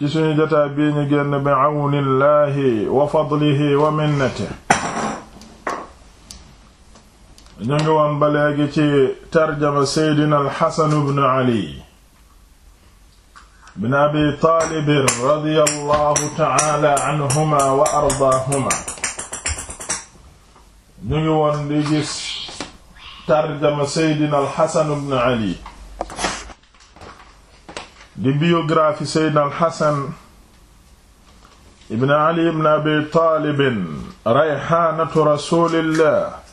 ci suñu jotaay bii ñu génn bi àwnillaahi wa fadlihi wa minnati ñu ngi woon ba léegi ci tarjama seydina alxasan bnu ali bn abi taalibin radiyallahu taala anhuma wa ardaahuma ñu ngi woon di gis tarjama seydina alxasan bnu ali di biographie Seydina al Xasan ibn Ali ibn Abi Taalibin rayxaanatu rasulillah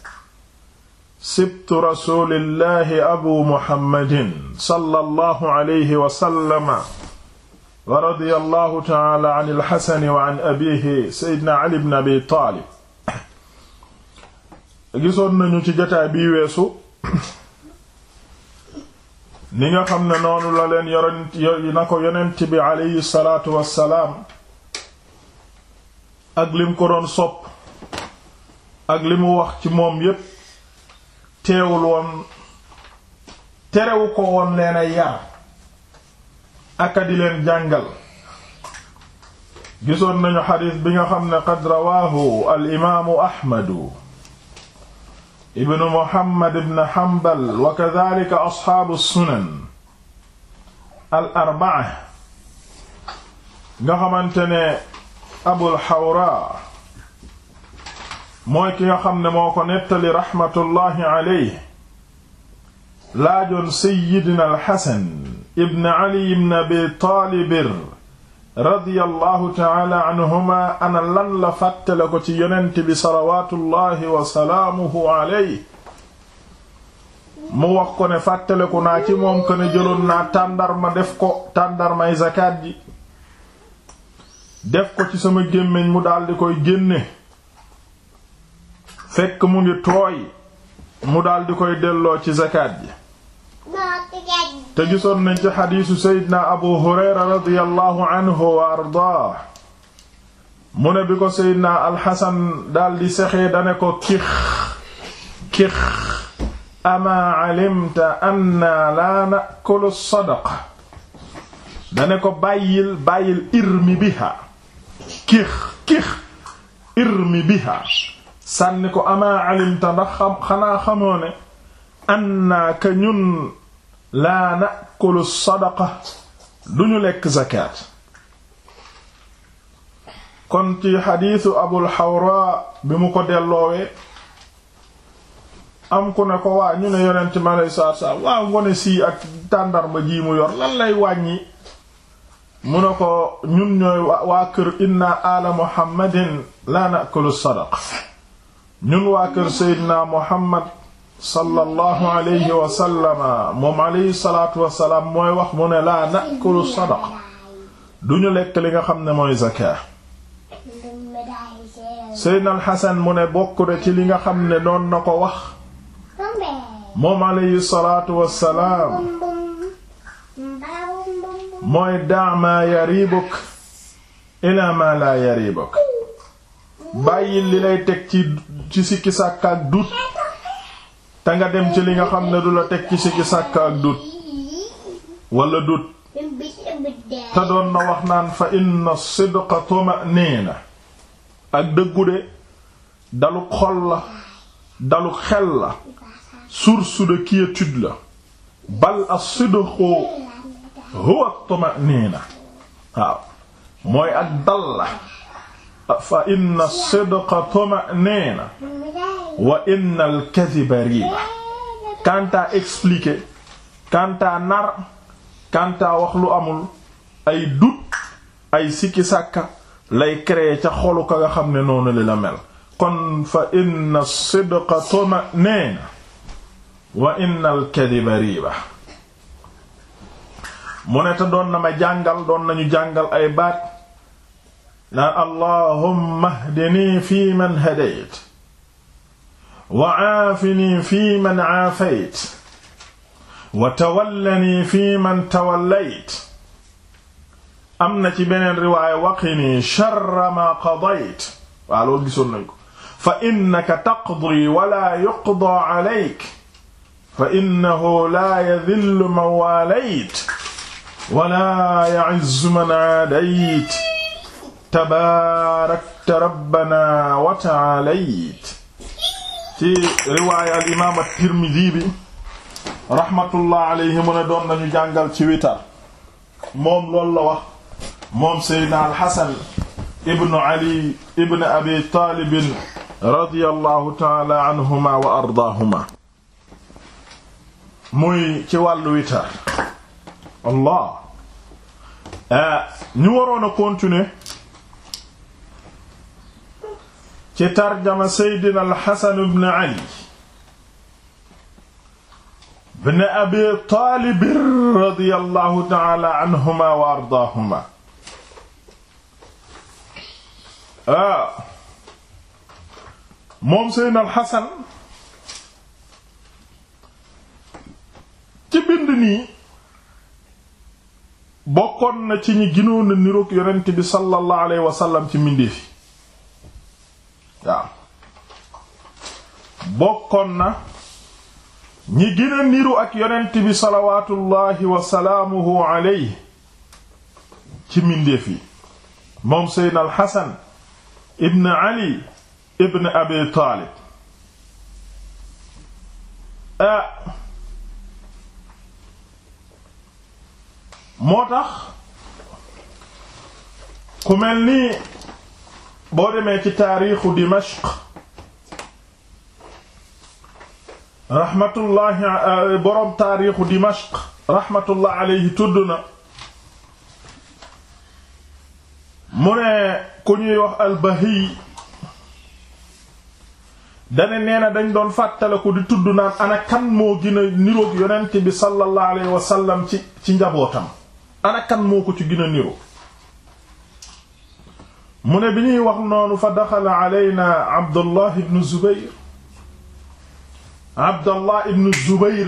sibtu rasulillahi abu muhammadin sallallahu alayhi wa sallama wa radiyallahu ta'ala an al-Hasan wa an abiihi Seydina Ali ibn Abi Taalib gisoon nañu ci jotaay bi weesu ni nga xam ne noonu la leen yorent na ko yonent bi aleyhi salaatu wassalaam ak lim ko doon sopp ak li mu wax ci moom yépp teewul woon terewu ko woon leen ay yar aka di leen jàngal gisoon nañu xadiis bi nga xam ne qad rawaahu al imaamu ahmadu ibn Muhammad ibn Hanbal wa kadhalika asxaabu sunan al arbaa nga xamante ne Abul Hawra mooy ki nga xam ne moo ko nettali raxmatullahi alayhi laajoon Seyyidina al Hasan ibn Ali ibn Abi Taalib radiyallahu taala anhuma ana lan la fàttale ko ci yonent bi salawaatullahi wa salaamuhu alayhi mu wax ko ne fàttaleku naa ci moom ko ne jëloon naa def ko tàndarmay zakaat ji def ko ci sama gémmiñ mu daldi koy génne fekk mu ngi tooy mu daldi koy delloo ci zakaat ji te gisoon nañ ci xadiisu seydina abu hurayra radiyallahu anhu wa ardaah mu bi ko seydina alxasan daldi sexee dane ko kix kix amaa calimta anna laa nakulu sadaqa dane ko bàyyil bàyyil irmi biha kix kix irmi biha sànni ko amaa calimta ndax xam xanaa xamoo annaaka ñun laa nakulu sadaqa duñu lekk zakaat kon ci xadiisu abul xawra bi mu ko delloowee am ku ne ko waa ñu ne yonent ma lay saar saar ngone sii ak tàndarma ji mu yor lan wàññi mu ne ko ñun ñooy waa kër inna ala muhammadin la nakulu sadaqa ñun waa kër seydina muhammad sallallahu alayhi wa sallama moom alayhi salaatu wa salaam mooy wax mu ne laa nakulu du ñu lekk li nga xam ne mooy zakaa seydna alxasan mu ne bokk ci li nga xam ne noon na ko wax moom alayhi salaatu wa mooy daa maa yaribuk ilaa maa laa yaribuk bàyyil li lay teg ci ci sikki sàkkaak dut te nga dem ci li nga xam ne du la teg ci sikki sàkk ak dut wala dut te doon na wax naan fa inna sidqa tuma'nina ak dëggu de dalu xol la dalu xel la source de quiétude la bal as-sidqu huwa at-tuma'nina waaw mooy ak dal la fa inna sidqa tuma'nina wa inna al kadhiba riba quant à expliquer quant à lu amul ay doute ay sikki sàkka lay créer ca xolu ka nga xam ne noonu li la mel kon fa inna sidqa tuma'nina wa inna al kadhiba riba ne te doon na ma jàngal doon nañu jàngal ay baat la allahumma hdini fi man hadayt wa aafini fi man aafayt wa tawallani fi man tawallayt am na ci beneen riwaaya waqini sharra maa qadayt waaw loolu gisoon nañ ko fa innaka taqdi wala yuqda alayk fa innahu la yadillu man waalayt wala ya'izzu man aadayt tabaarakta rabbana wa ta'aalayt ci riwaaya al imaam at-Tirmidhi bi rahmatullah alayhi mu ne doon nañu jàngal ci witar moom loolu la wax moom Seydina al-Hasan ibn Ali ibn Abi Taalib radiyallahu taala anhuma wa ardaahuma muy ci wàllu witar allah eh, ñu waroon a continuer ci tarjama seydina alxasan ibn ali bn abi taalib radiyallahu taala anhuma wa ardaahuma ah, moom seydina alxasan ci bind nii na ci ñi ginoon a niroog yonent bi sallallahu alayhi wa ci mbindeefi waaw bokkoon na ñi gën a niru ak yonent bi salawaatullaahi wa salaamuhu alayhi ci mbindeef yi moom seydna alxasan ibn ali ibn abi taalib a moo tax ku mel ni boo demee ci taariixu Dimashq rahmatullahi boroom taariixu Dimashq rahmatullah alayhi tudd na mu ne ku ñuy wax al-Bahiy dane nee na dañ doon fàttaliku di tudd naan ana kan moo gën a niroog yonent bi sallallahu alayhi wa ci ci njabootam ana kan moo ko ci gën niroog mu ne bi ñuy wax noonu fa daxala aleyna abdullah ibnu zubayr abdallah ibnu zubayr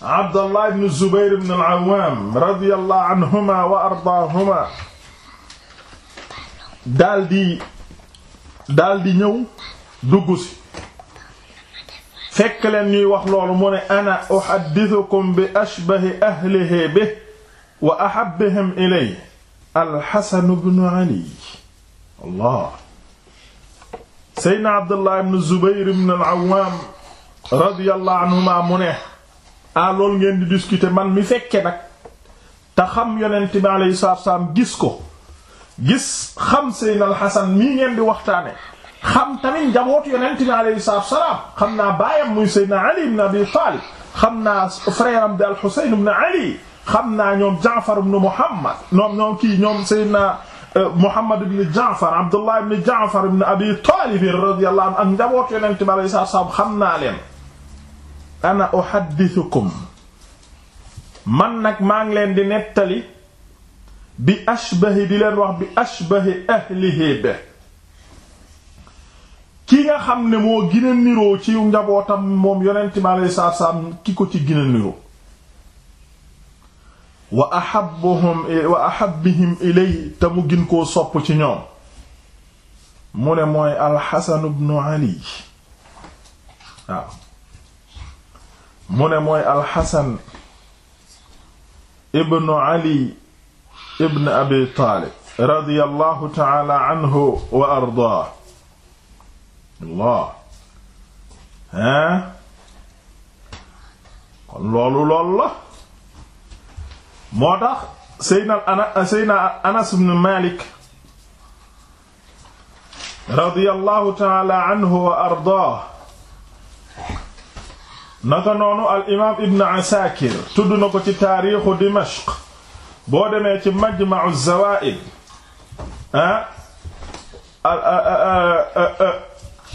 abdallah ibnu zubayr ibn al-awwam radiyallahu anhuma wa ardaahuma daldi daldi ñëw dugg si fekk leen ñuy wax loolu mu ne ana uhaddithukum bi ashbahi ahlihi bihi wa ahabbihim ilayhi alxasan bnu ali allah seydna abdullah bnu zubayr bnu alawaam radiyallahu anhuma mu ne ah lool ngeen di discuter man mi fekke nag te xam yonent bi alayhi salaatu salaam gis ko gis xam seydna alxasan mii ngeen di waxtaane xam tamit njaboot yonent bi alayhi salaatu salaam xam naa baayam muy seydna ali bnu abi taalib xam naa frère am di alxuseyn bnu ali xam naa ñoom Jaafar ibn Muhammad ñoom ñoom kii ñoom Seydina euh, Muhammad ibn Jaafar Abdullah ibn Jaafar ibn Abi Talib radiyallahu anhu ak njaboot yonent bi alayhi salaatu salaam xam naa leen ana uhaddithukum man nag maa ngi leen di nettali bi ashbahi di leen wax bi ashbahi ahlihi be ki nga xam ne moo gën a niroo ci njabootam moom yonent bi salaam ki ko ci gën wa ahabbuhum wa ahabbihim ilay te mu gin koo sopp ci ñoom mu ne mooy alxasanu bnu ali waaw mu ne mooy alxasan ibnu ali ibn abi taalib radiyallahu taala anhu wa ardaa allah hein kon loolu lool la moo tax Seydina Anas Seydina Anas ibn Malik radiyallahu taala anhu wa ardaah naka noonu al imaam Ibn Asakir tudd na ko ci taarixu Dimashq boo demee ci Majma'u Zawaa'id ah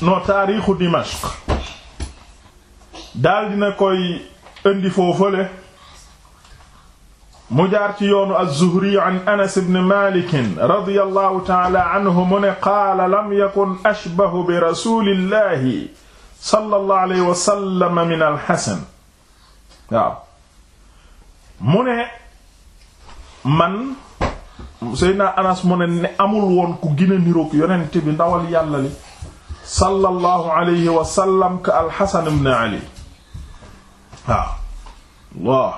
no taarixu Dimashq daal dina koy indi foofale mu jaar ci yoonu az-Zuhri an Anas ibn Malik radiyallahu ta'ala anhu mu ne qaala lam yakun ashbahu bi rasulillahi sallallahu alayhi wa sallam min al-Hasan waaw mu ne man Seydina Anas mu ne ne amul woon ku gën a niroog yonent bi ndawal yàlla li sallallahu alayhi wa sallam ka al-Hasan ibn Ali waaw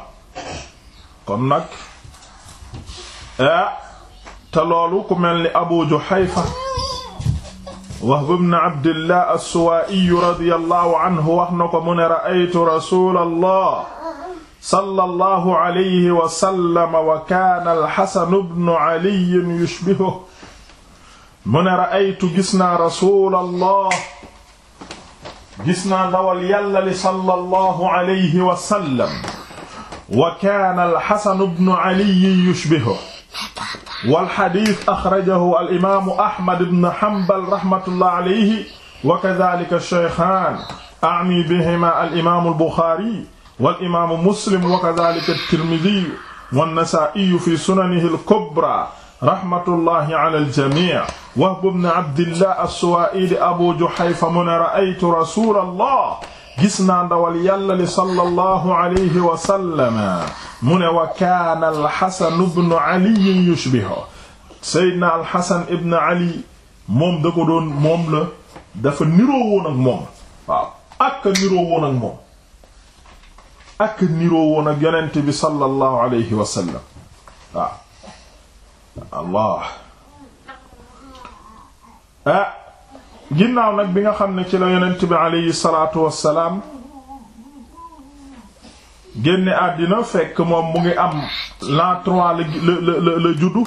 kon nag ah te loolu ku mel ni Abu Juhayfa Wahb ibn Abdillah as-Suwaa'i radiyallahu anhu wax na ko mu ne ra'aytu rasuulallah sallallahu alayhi wa sallam wa kaana al-Hasan ibn Ali yushbihuhu mu ne ra'aytu gis naa rasuulallah gis naa ndawal yàlla li sallallahu alayhi wa sallam wa kaana alxasanu bnu aliyi yushbihu walxadis axrajahu alimaamu ahmad bnu hambal rahmatullah alayhi wa kadalika cheykhan ami bihima alimaamu albuxaari walimaamu muslim wa kadalika tirmidi wannasaaiyu fi sunanihi alkubra rahmatullahi ala aljami wahbu bnu abdillah assuwaa'ili abu juhayfa mu ne ra'aytu rasulallah gis naa wal yàlla li sallallahu alayhi wa sallam mu ne wa kaana alxasan ibnu ali yushbihu seydna alxasan ibnu ali moom da ko doon moom la dafa niroo woon ak moom waaw ak niroo woon ak moom ak allah ah ginnaaw nag bi nga xam ne ci la yonent bi aleyhi salaatu wassalaam génne àddina fekk moom mu ngi am l'an trois la la la la juddu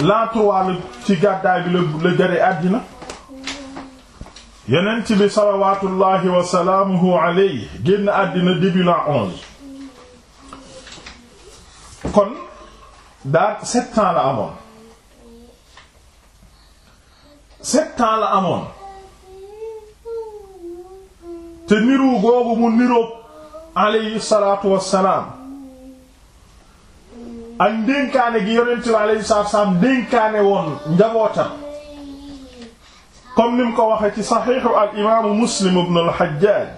l'an la ci gàddaay bi la la jare àddina yonent bi salawaatullaahi wa salaamuhu aleyhi àddina début onze kon daa sept la amoon sept ans amoon te niru googu mu niroog alayhi salaatu wassalaam ak ndénkaane gi yonent bi alayhi salaatu wassalaam ndénkaane woon njabootam comme ni mu ko waxe ci saxiixu al imaamu muslim ibn al hajjaaj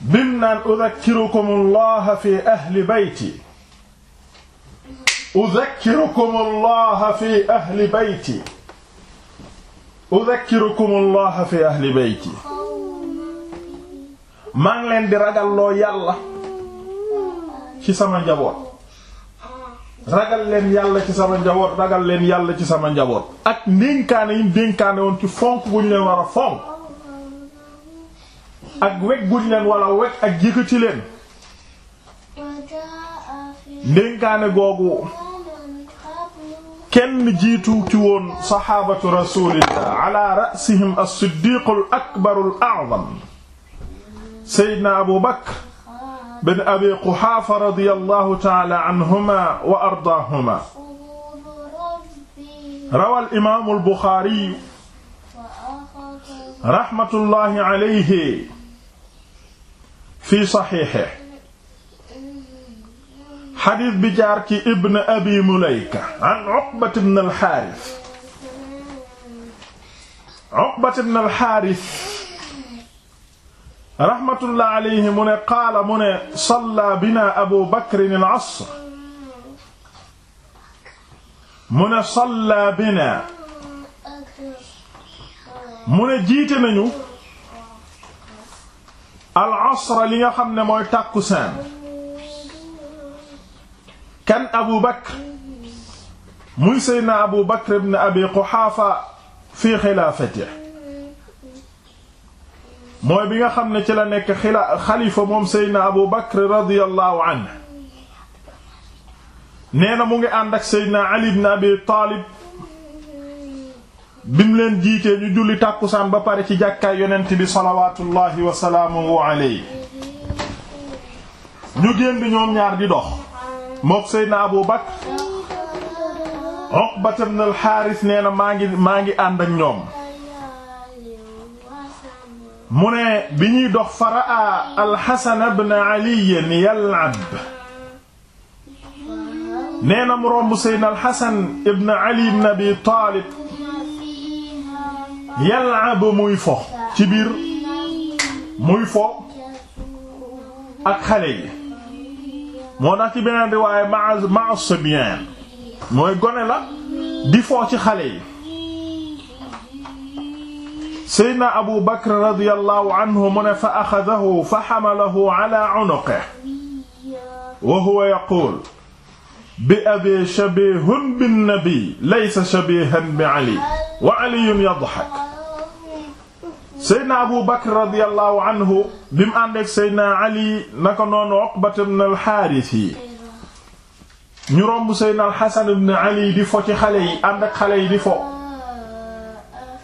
bim naan udhakkirukum allah fi ahli bayti udhakkirukum allah fi ahli bayti udhakkirukum allah fi ahli bayti maa ngi leen di ragalloo yàlla ci sama njaboot ragal leen yàlla ci sama njaboot leen yàlla ci sama njaboot ak ndénkaane yi ndénkaane woon ci fonk bu leen war a fonk ak weg bu leen wala weg ak yëkkati leen ndénkaane googu kenn jiitu ci woon saxaabatu rasulillah ala rasihim as-siddiq al-akbar al-a'zam sayyidina abu bakr bin abi quhaafa radiyallahu ta'ala anhuma wa ardaahuma rawal imaam al-buxaari rahmatullahi alayhi fi saxiixihi xadiis bi jaar ci ibn abi mulayka an uqbat ibn alxaaris uqbat ibn alxaaris rahmatullah alayhi mu ne qaala mu ne salla bina abu bakrin al-asr mu ne salla bina mu ne jiite nañu al-asr li nga xam ne mooy tàkkusaan kan abu bakr muy seydna abu bakr ibn abi quxaafa fi xilaafati mooy bi nga xam ne ci la nekk xila xalifa moom seydna abu bakr radiyallahu anhu nee na mu ngi ànd ak seydna ali ibn abi taalib bim leen jiitee ñu julli tàkkusaan ba pare ci jàkkaay yonent bi salawaatullahi wa salaamuhu alayhi ñu génn ñoom ñaar di dox mook Seydina Abu Bakr Uqbat ibn al-Haaris nee na maa ngi maa ngi ànd ñoom mu ne bi ñuy dox faraa al-Hasan ibn Ali yal'ab nee na mu romb Seydina al-Hasan Ali ibn Abi Taalib yal'ab muy fo ci biir muy fo ak xale moo tax ci beneen riwaaye ma ma sabien mooy gone la di foo ci xale yi seydna abu bakr radiyallahu anhu mu ne fa axadahu fa xamalahu ala unuqihi wa huwa yaquul bi abi shabihun bin nabi laysa shabihan bi ali wa aliyun yadhak seydna abu bakr radiallahu anhu bi mu ànd ak seydna ali naka noonu uqbat ibn alxaaris yi ñu romb seydna alxasan ibn ali di fo ci xale yi ànd xale yi di fo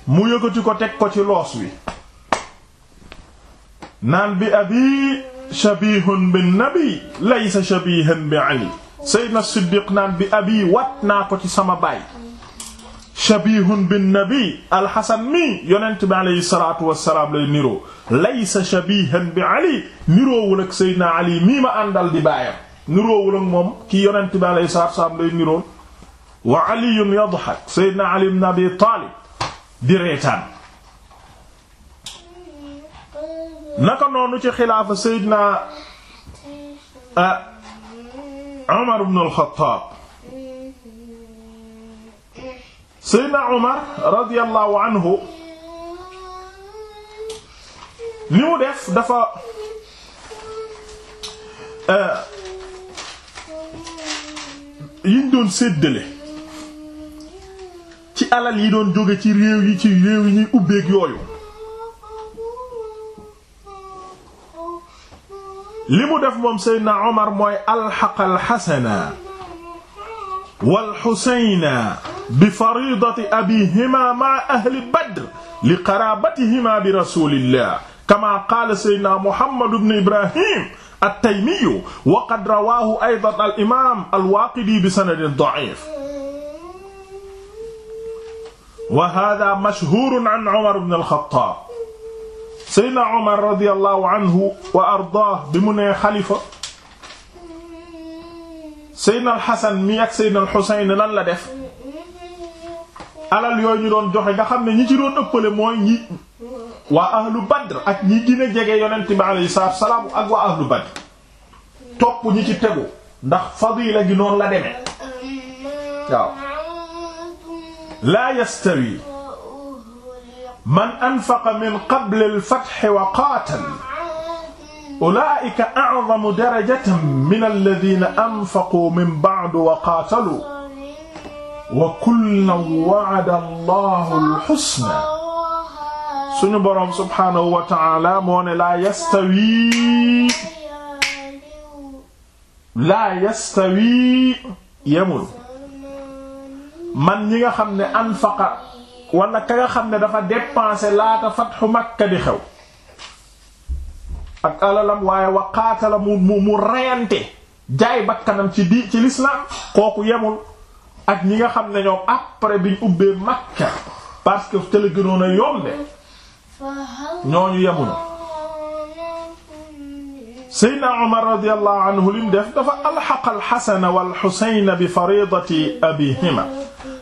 mu yëkkati ko teg ko ci loos wi naan bi abi shabihun bin nabi laysa shabihan bi seydna siddiq bi abi wat naa ko ci sama baay shabihun bin nabi alxasan mi yonent bi aleyhi salaatu wasalaam lay niroo laysa shabihan bi ali niroowul ak seydina ali mii ma àndal di baayam niroowul ak moom ki yonent bi aleyhi salaatu wasalaam lay nirool wa aliyun yadxak seydina ali ibn abi taalib di reetaan naka noonu ci xilaafa seydina ah, umar ibn al-xattaab Seydina Omar radiyallahu anhu li mu def dafa euh, yiñ doon séddale ci alal yi doon jóge ci réew yi ci réew yi ñuy ubbeek yooyu li mu def moom Seydina Omar mooy alxaqal xasana wal Xusayna bi faridati abihima maa ahli Badr li qaraabatihima bi rasulillah kama qaala sayyidina Muhammad ibn Ibrahim at-Taymi wa qad rawaahu aydan al-imaam al-Waaqidi bi sanadin da'iif. wa haaza mashhuurun an Umar ibn al-Khattaab sayyidina Umar radiyallahu anhu wa ardaahu bi mu nee xalifa. Seydina al Xasan mi ak Seydina al Xuseyn lan la def alal yooyu ñu doon joxe nga xam ne ñi ci doon ëppale mooy ñi waa ahlu Badr ak ñi gën a jege yonent bi alayhi salaatu salaam ak waa ahlu Badr topp ñi ci tegu ndax fadila gi noonu la demee waaw laa yastawi man anfaqa min qabl al wa qaatal ulaa'ika a'zamu darajatan min alladhiina anfaqu min ba'du wa qaatalu wa kullan wa'ada Allahu al-husnaa. suñu boroom subhaanahu wa ta'aala moo ne laa yastawii laa yastawii yemul man ñi nga xam ne anfaqa wala ka nga xam ne dafa dépensé laata fatxu Makka di xew. ak alalam waaye wa qaatala mu mu reyante jaay bakkanam ci di ci l'islam kooku yemul ak ñi nga xam ne ñoom après biñ ubbee Makka parce que te la gënoon a yombe ñooñu yemuñu Seydina anhu lim def dafa alxaqa alxasan walxusayn bi faridati abihima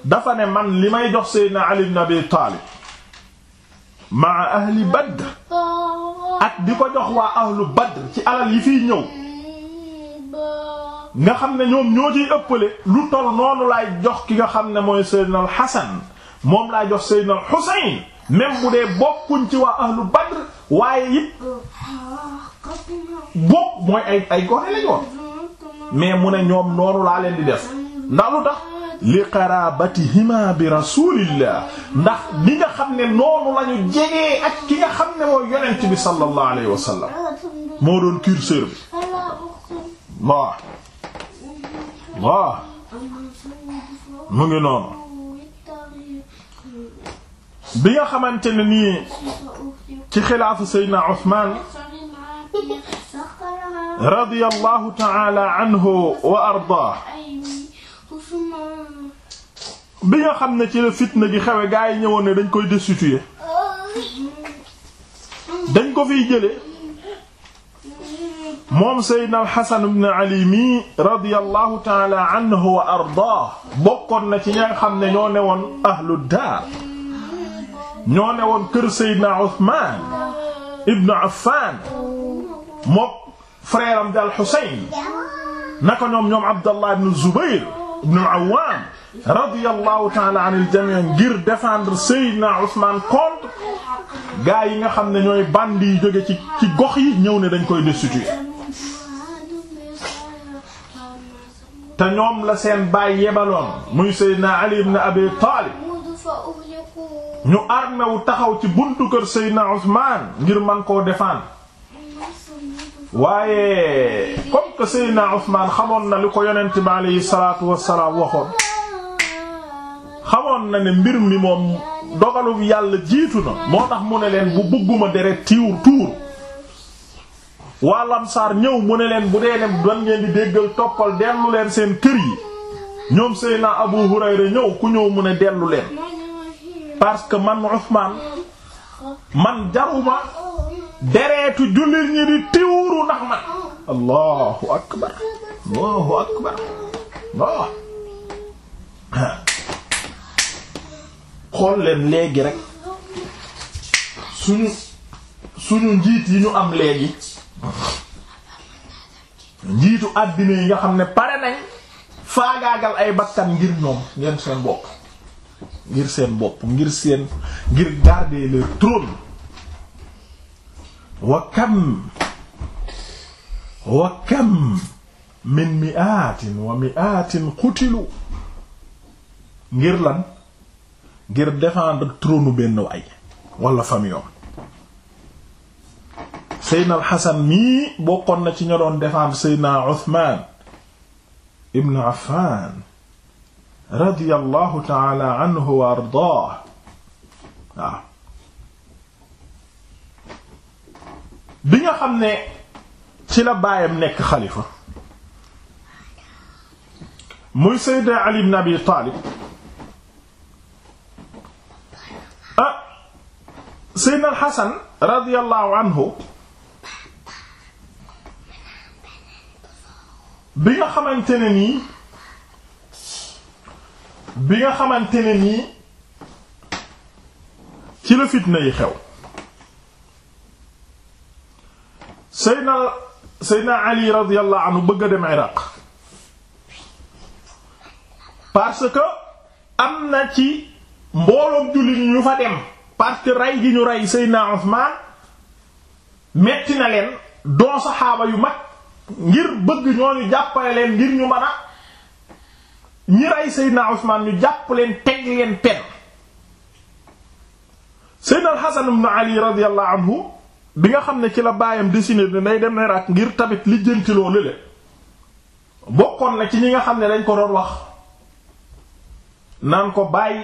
dafa ne man li may jox Seydina Ali ibn Abi Taalib maa ahli Badr ak di ko jox waa ahlu badr ci alal yi fiy ñëw nga xam ne ñoom ñoo ciy ëppale lu tol noonu laay jox ki nga xam ne mooy seydina al moom laay jox seydina al husayn même bu dee bokkuñ ci waa ahlu badr waaye it bokk mooy ay ay gone lañoon mais mu ne ñoom noonu laa leen di def ndax lu tax li qarabatihima bi rasulillah ndax li nga xam ne noonu la ñu jegee ak ki nga xam ne mooy yonent bi sallallahu alayhi wa sallam moo doon curseur bi waaw waaw mu ngi noonu bi nga xamante ne nii ci xilaafu Seydina Usmaan radiyallahu ta'ala anhu wa ardaahu bi nga xam ne ci la fitna gi xewe gaa yi ñëwoon dañ koy destituer dañ ko fi jële moom Seydina Alxasan ibn Ali mi radiyallahu taala anhu wa ardaa bokkoon na ci ña nga xam ne ñoo newoon ahlu daar ñoo newoon kër Seydina Usmaan ibn Affaan mook frère am di Alxuseyn naka ñoom ñoom Abdallah ibn Zubayr ibn Awaam radiyallahu ta'ala anil jami' ngir défendre Seydina Ousmane contre gaa yi nga xam ne ñooy bandi yi jóge ci ci gox yi ñëw ne dañ koy destituer te ñoom la seen baay yebaloon muy Seydina Ali ibn Abi Talib ñu armé taxaw ci buntu kër Seydina Ousmane ngir man koo defaan waaye comme que Seydina Ousmane xamoon na li ko yonent bi aleyhi salaatu wassalaam waxoon xamoon na ne mbir mi moom dogalub yàlla jiitu na moo tax mu ne leen bu bugguma deret tiwur tuur waa lamsaar ñëw mu ne leen bu dee ne dan ngeen di déggal toppal dellu leen seen kër yi ñoom Seydina Abu Hurayra ñëw ku ñëw mu ne dellu leen parce que man Usmaan man jaruma dereetu jullit ñi di tiwuru ndax man allahu akbar allahu akbar waaw xool leen léegi rek suñu suñu njiit yi ñu am léegi njiitu àddina yi nga xam ne pare nañ faagaagal ay bakkan ngir ñoom ngeen seen bopp ngir seen bopp ngir seen ngir garder le trône wa kam wa kam min mi'atin wa mi'atin qutilu ngir lan ngir défendre trône benn waay wala famille Seydina Alxasan mii bokkoon na ci ña doon défendre Seydina Usmaan ibn Affaan radiyallahu taala bi nga xam ne ci la baayam nekk xalifa muy Seydina Ali ibn Abi Taalib seydna alxasan radiallahu anhu bi nga xamante ne nii bi nga xamante ne nii ci la fitna yi xew seydna seydna ali radiallahu anhu bëgg a dem iraq parce que am na ci mbooloom jullit ñu fa dem parce que ray gi ñu rey Seydina Usmaan metti na leen doon saxaaba yu mag ngir bëgg ñooñu jàppale leen ngir ñu mën a ñi rey Seydina Usmaan ñu jàpp leen teg leen pen Seydina Al-Hasan ibn Ali radiyallahu anhu bi nga xam ne ci la baayam décider ne day dem Irak ngir tamit lijjanti loolu le bokkoon na ci ñi nga xam ne dañ ko doon wax naan ko bàyyi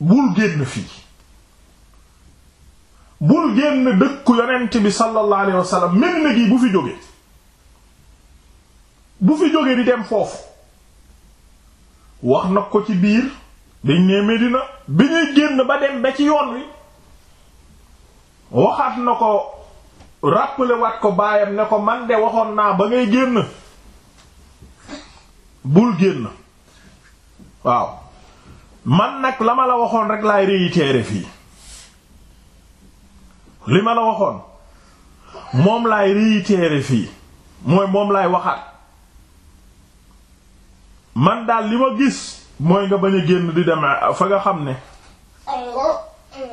bul génn fii bul génn dëkku yonent bi sallallahu alayhi wa sallam Medina gi bu fi jóge bu fi jóge di dem foofu wax na ko ci biir dañ ne Medina bi ñuy génn ba dem ba ci yoon wi waxaat na ko rappelé ko baayam ne ko man de waxoon naa ba ngay génn bul génn waaw man nag la ma la waxoon rek laay réitérer fii li ma la waxoon moom lay réitérer fii mooy moom laay waxaat man daal li ma gis mooy nga bañ a génn di dem fa nga xam ne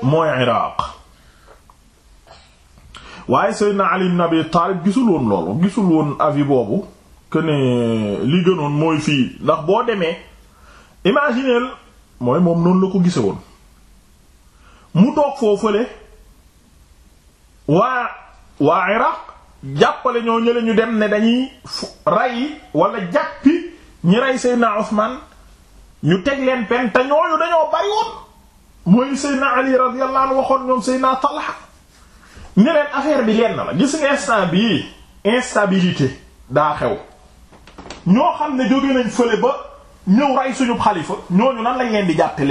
mooy Iraq waaye Seydina Ali ibn Abi Taalib gisul woon loolu gisul woon avis boobu que li gënoon mooy fii ndax boo demee imagineel mooy moom noonu la ko gise woon mu toog foofu fële waa waa iraq jàppale ñoo ñële ñu dem ne dañuy rey wala jàppi ñi rey Seydina Usmaan ñu teg leen pen te ñooñu dañoo bari woon mooy Seydina Ali radiyallahu anhu waxoon ñoom Seydina Talha ne leen affaire bi lenn la gis nga instant bii instabilité daa xew ñoo xam ne jóge nañ fële ba ñëw rey suñu xalifa ñooñu nan lañ leen di jàppe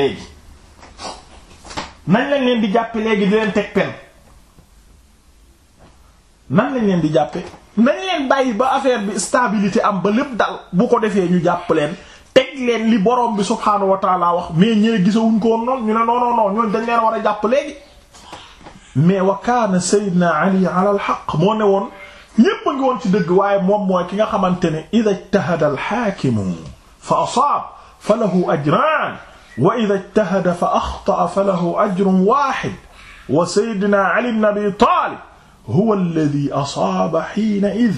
nañ lañ leen di jàppe léegi di leen teg pen nan lañ leen di jàppe nañ leen bàyyi ba affaire bi stabilité am ba lépp dal bu ko defee ñu jàpp leen teg leen li borom bi subhaanahu wa taala wax mais ñëwe gisawuñ ko woon noonu ñu ne non non non ñooñ dañ leen war a jàpp léegi wa kaana sayyidina moo ne woon ñépp a ci dëgg waaye moom mooy ki nga xamante ne ida ijtahada alxaakimu fa asaab fa lahu ajraan wa ida ijtahada fa axtaa waaxid wa sayyidina ali ibn taalib huwa alladhi asaaba hiina id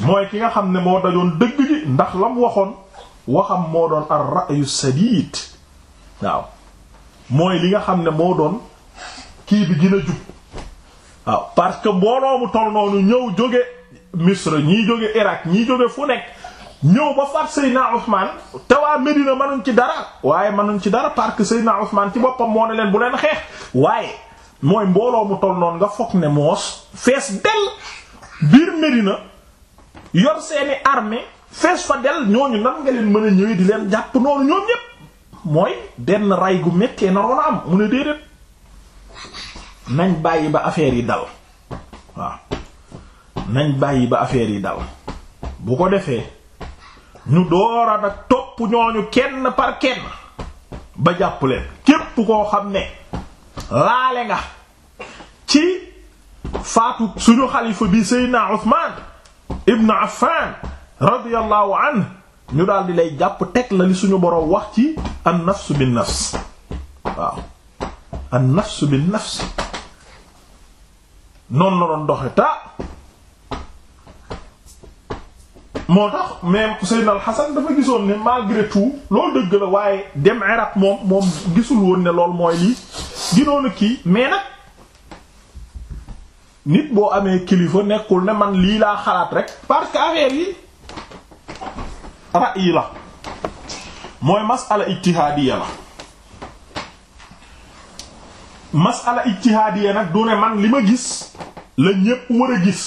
mooy ki nga xam ne moo dajoon dëgg ji ndax lam waxoon waxam moo doon ar ra'yu sadiid waaw mooy li nga xam ne moo doon kii bi gën a jub waaw parce que mbooloo mu toll noonu ñëw jóge Misra ñii jóge Irak ñii jóge fu nekk ñëw ba faat Seydina Ousmane te waa Medina mënuñ ci dara waaye mënuñ ci dara parce que Seydina Ousmane ci boppam moo ne leen bu leen xeex waaye mooy mbooloo mu toll noonu nga foog ne moos fees del biir Medina yor seeni armée fees fa del ñooñu nan nga leen mën a ñëwee di leen jàpp noonu ñoom ñépp mooy benn ray gu méttee naroon a am mu ne déedéet nañ bàyyi ba affaire yi dal waaw nañ bàyyi ba affaire yi dal bu ko defee ñu doora nag topp ñooñu kenn par kenn ba jàpp leen képp koo xam ne laale nga ci faatu suñu xalifa bi Seydina Usmaan ibn Affan radiyallahu anhu ñu daal lay jàpp teg la li suñu boroom wax ci an nafs bin nafs waaw la doon doxe ta moo tax même Seydina Al Hasan dafa gisoon ne malgré tout loolu dëgg la waaye dem Iraq moom moom gisul woon ne loolu mooy lii ginoon kii mais nag nit boo amee kilifa nekkul ne man lii laa xalaat rek parce que affaire yi ra'yi la mooy masala ijtihaadiya la masala ijtihaadiya nag du ne man li ma gis la ñépp war a gis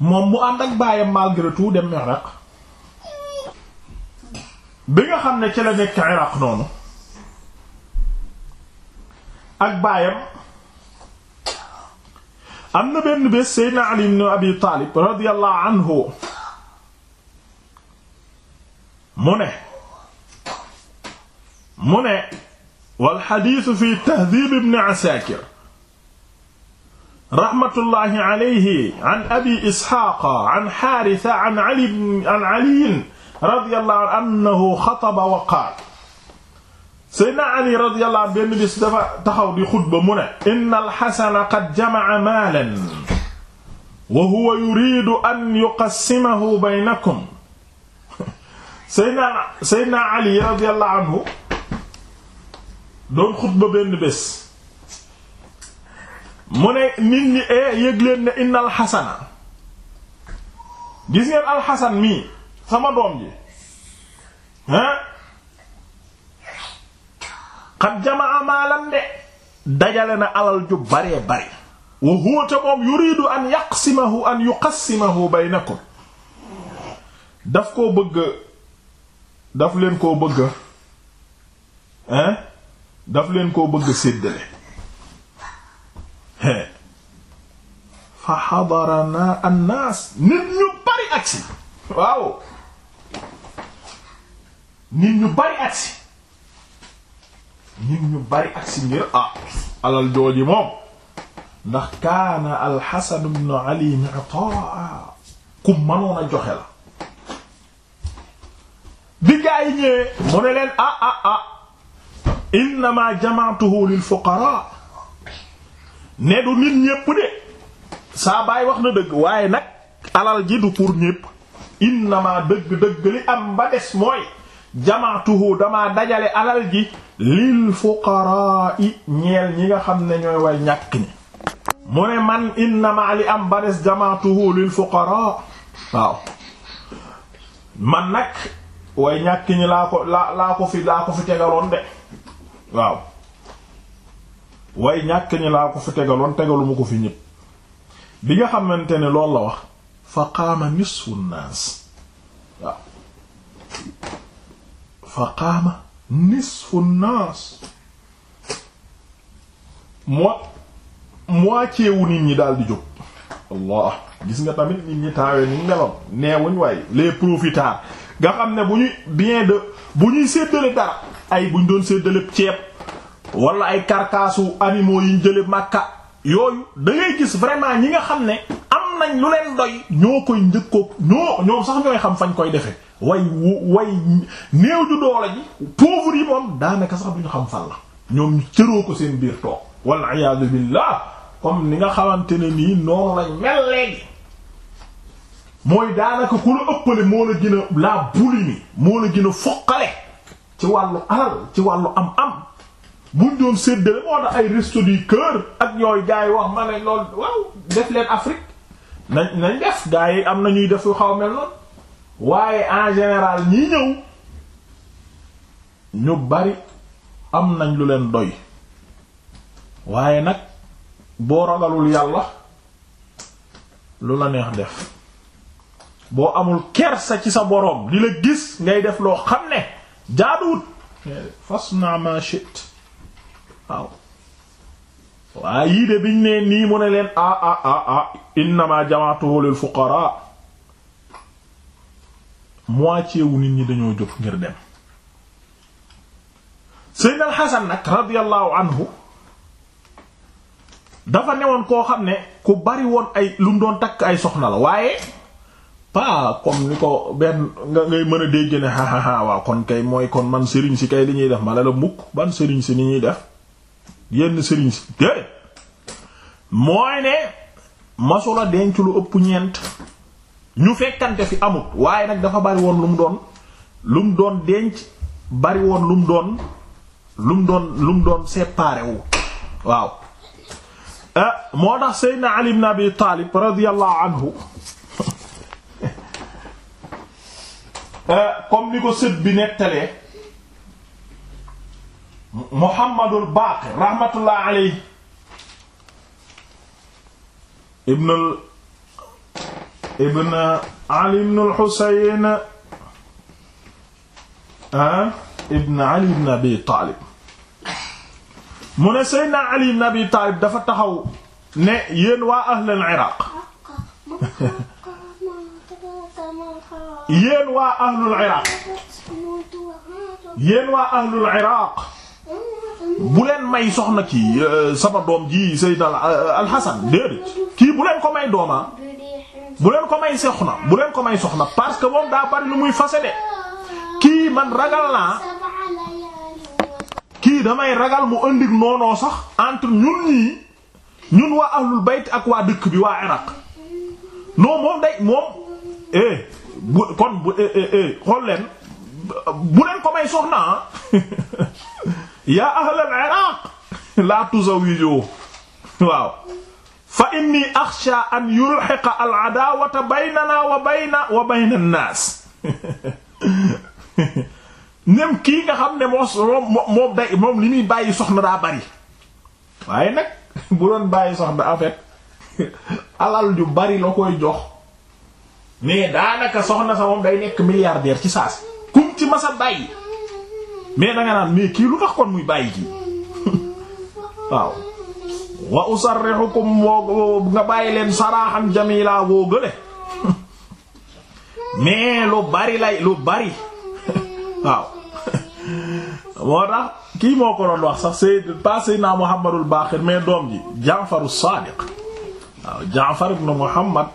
moom mu ànd ak baayam malgré tout dem Iraq bi nga xam ne ci la nekk Iraq noonu ak baayam am na benn bés Seydina Ali ibn Abi Taalib radiyallahu anhu mu ne mu ne wal xadiisu fi tahdiib ibn Asaakir raxmatullahi alayhi an abi Isxaaqa an Xaarisa an Ali an Ali radiyallahu anhu annahu xataba wa qaala seydna ali radiyallahu anhu benn bis dafa taxaw di xutba mu ne inna alxasana qad jamaca maalan wa huwa yuridu an yuqassimahu baynakum seydna seydna ali radiyallahu anhu doon xutba benn bés mu ne nit ñi e yëg leen ne inna alxasana gis ngeen alxasan mii sama doom ji ah xat jamaa maalan de dajale na alal ju baree bare wa huwa ta moom yuridu an yaqsimahu an yuqassimahu baynakum daf koo bëgg daf leen koo bëgg hein daf leen koo bëgg séddale fa xadarana annaas nit ñu bari agsi waaw nit ñu bari agsi nit ñu bari ak si ngir ah alal jooji moom ndax kaana alxasan ibnu ali mi'taa ku mënoon a joxe la bi gaa mu ne leen ah ah ah innama jamaatuhu lil fuqara ne du nit ñépp de saa wax na dëgg waaye nag alal ji du pour ñépp innama dëgg-dëgg li am ba des mooy jamaatuhu damaa dajale alal ji lil fuqaraa'i ñeel ñi nga xam ne ñooy way ñàkk ñi mu ne man innama li am bares jamaatuhu lil fuqaraa waaw man nag way ñàkk ñi laa ko laa laa ko fi laa ko fi tegaloon de waaw way ñàkk ñi laa ko fi tegaloon tegalu mu ko fi ñëpp bi nga xamante ne loolu la wax fa qaama nisfu nnaas waaw fa qaama nisfu naas mo moitié wu nit ñi daal di jóg allah gis nga tamit nit ñi taawee ni meloon neewuñ waaye les profiteurs nga xam ne bu ñuy bien de bu ñuy séddale dara ay bu ñu doon séddale ceeb wala ay carcasses animaux yi ñu jële màkka yooyu da ngay gis vraiment ñi nga xam ne am nañ lu leen doy ñoo koy njëkkoog ñoo ñoom sax ñooy xam fañ koy defee way way néew du doole ji pauvre yi moom daanaka sax duñu xam fan la ñoom cëroo ko seen biir toog wal iyaadu billah comme ni nga xamante ne nii noonu lañ mel léegi mooy daanaka ku la ëppale moo la gën a la boulimie moo la gën a foqale ci wàllu alal ci wàllu am-am buñ doon séddale moo tax ay resto du cœur ak ñooy gars wax ma ne loolu waaw def leen Afrique nañ nañ def gars yi am na ñuy def xaw mel noonu waaye en général ñi ñëw ñu bari am nañ lu leen doy waaye nag boo ragalul yàlla lu la neex def boo amul kersa ci sa boroom di la gis ngay def loo xam ne jaaduwut fas naa ma shit waaw waaye yii de biñ ne nii mu ne leen a ah, a ah, a ah, a innama jamaatuhu lil fuqara moitié wu nit ñi dañoo jóg ngir dem Seydina Hasan nag radiyallahu anhu dafa newoon koo xam ne ku bariwoon ay lu mu doon takk ay soxna la waaye pas comme ni ko benn nga ngay mën a dégg ne hahaha waaw kon kay mooy kon man sëriñ si kay li ñuy def ma la la mukk ban sëriñ si ni ñuy def yenn sëriñ si dé mooy ne masula denc lu ëpp ñeent ñu fekkante fi amul waaye nag dafa bari woon lu mu doon lu mu doon denc bari woon lu mu doon lu mu doon lu mu doon séparé wu waaw eh, moo tax Seydina Ali ibn Abi Taalib radiyallahu anhu eh, comme ni ko sët bi nettalee Muhammadul Baaqir rahmatullah alayhi ibnul ibn ali dafa taxaw yéen waa ahlal iraq yéen may soxna ki euh, sama doom ji seydna alxasan déedéet kii bu leen ko may dooma bu leen ko may soxna bu leen ko may soxna parce que moom daa bari lu muy fase de kii man ragal naa kii damay ragal mu indi noonoo sax entre ñun ñii ñun waa ahlul bayt ak waa dëkk bi waa iraq non moom day moom eh bu kon bu eh, eh, eh, xool leen bu leen ko may soxna ah. yaa ahlul iraq la tuzawijo waaw fa inni axsha an yulxiqa al adaawata baynana xam ne li muy bàyyi soxna daa bari waaye nag bu bàyyi soxna en fait alal ju bari la koy jox mais daanaka soxna sa moom day nekk milliardaire ci saas kum ci masa bàyyi mais da naan mais kii lu tax kon muy bàyyi kii waaw wa usarrihukum moo nga bàyyi leen saraaxan jamila boo gële mais lu lu bari kii moo ko doon wax sax sayyid pas mais doom ji Ja'faru Sadiq waaw Ja'far ibn Muhammad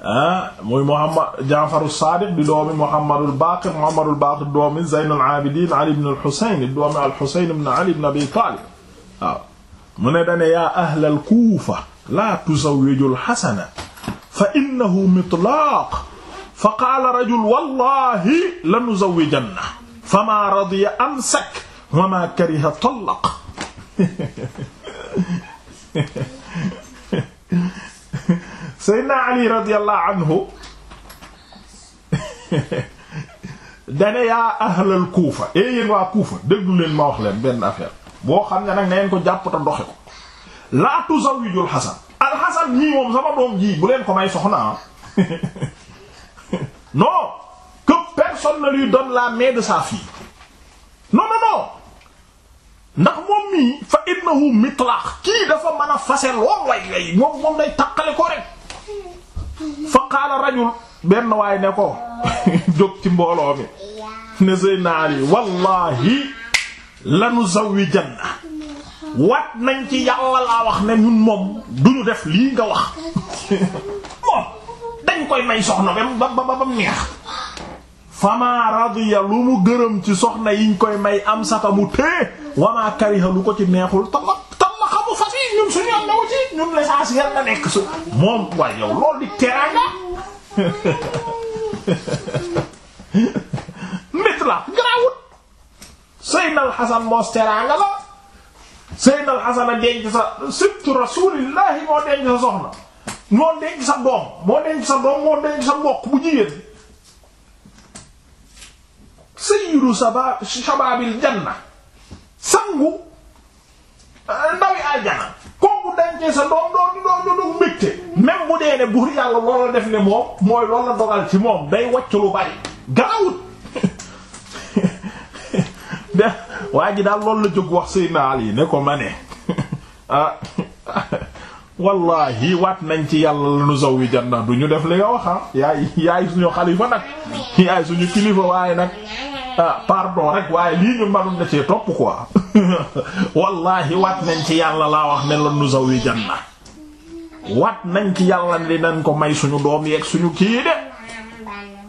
ah muy Muhammad Ja'faru Sadiq di doomi Muhammadul Baqir Ali ibn al-Husayn doomi al-Husayn ibn Ali ibn Abi Talib mu ne dane yaa ahlal kuufa laa tuzawwijul xasana fa innahu mitlaaq fa qaala rajul wallahi la nuzawwijanna fa maa radiya amsak wa maa kariha tallaq Seydina Ali radiyallahu anhu dane yaa ahlal kuufa ee eh yéen waa kuufa déglu leen ma wax leen benn affaire boo xam ne nag neen ko jàpp te doxe ko laa tuzawwijul Hasan al mii moom sama doom ji bu leen ko may soxna ah. non que personne ne lui donne la main de sa fille non ndax moom mii fa innahu mitlaq kii dafa mën a fase lool way way moom moom day taqale ko rek fa qaala rajul benn waay ne ko jóg ci mbooloo mi ne sëy naar yi lanu zawwijanna wat nañ ci yàlla laa wax ne ñun moom duñu def lii nga wax moom dañ koy may soxna ba ba ba mu neex fama radiya lu mu gërëm ci soxna yiñ koy may am saka mu tée wamaa kariha lu ko ci neexul tam tam xamu fas yi ñun suñu am na ci ñun l'essentiel la nekk su moom waaye yow loolu di teraanga mit la garaawut Seydina Al Xasan moos teraanga la Seydina Al Xasan a denc sa sibtu rasulillahi moo denc sa soxna moo denc sa doom moo denc sa sa mbokk bu jigéen sayyidu eh, sa doom doom di doom doom doom mbégte bu dee ne buur yàlla loolu ne moom mooy loolu la dogal ci moom day wàcc lu bari gaawut de waa ji daal loolu na jóg wax Seydina yi ne ko ma ne ah wallahi nañ ci yàlla la nu zawwi janna du ñu def li nga wax ah yaay yaay suñu xalifa nag yaay suñu kilifa waaye nag ah, pardon rek waaye lii ñu mënoon na cee topp quoi wallahi waat nañ ci yàlla laa wax ne la nu zawwi janna waat nañ ci yàlla ne dinañ ko may suñu doom yeeg suñu kii de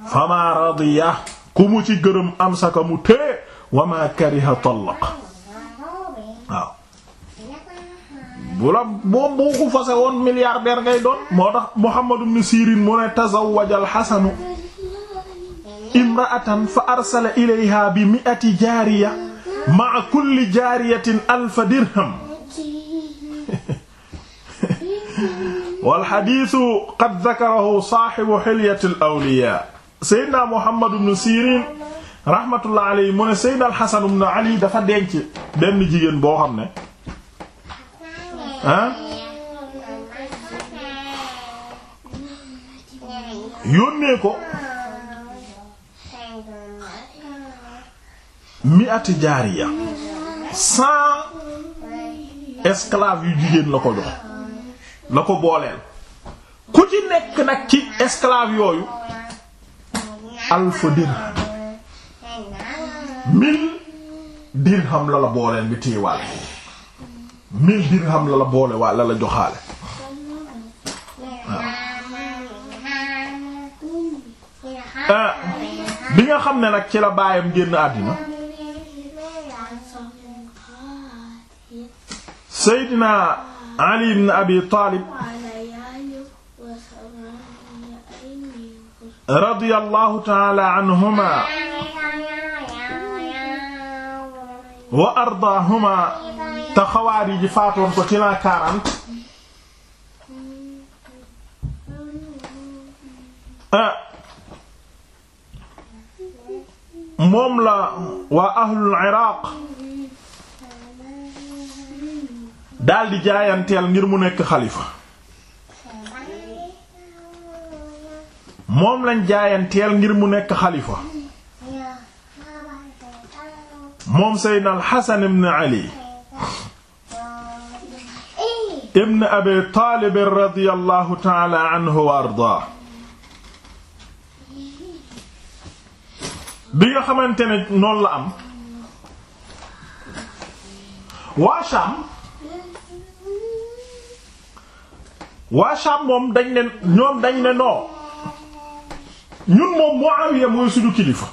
fama radiya ku mu ci gërëm am saka mu tee wa ma kariha tallaq waaw bu la moom boo ko fase woon milliardaire ngay doon moo tax Muhammad ibn Sirin mu ne tazawwaja al-Hasan imra'atan fa arsala ilayha bi mi'ati jaariya ma'a kulli jaariyatin alfa dirham wal hadiisu qad dhakarahu saahibu hilyatil awliyaa sayyidina Muhammad ibn Sirin rahmatullah alayhi mu ne Seydina al-Hasan ibn Ali dafa denc benn jigéen boo xam ne ah yónnee ko mi ati jaariya cent esclaves yu jigéen la ko jox la ko booleel ku ci nekk nag ci esclaves yooyu alfa mille dirham la boole waa la la joxaale ah, bi nga xam ne nag ci la baayam génn àddina Seydina Ali ibn Abi Taalib radiyallahu ta'ala anhuma wa ardaahuma te xawaari ji faatoon ko ci la 40 ah, moom la waa ahlul iraq daal jaayanteel ngir mu nekk xalifa moom lañ jaayanteel ngir mu nekk xalifa moom seydna alxasan ibn ali ibn abi taalib radiyallahu taala anhu wa ardaa bi nga xamante ne noonu la am waa Sham waa Sham moom dañ ne ñoom dañ ne noo ñun moom Muawiya mooy suñu kilifa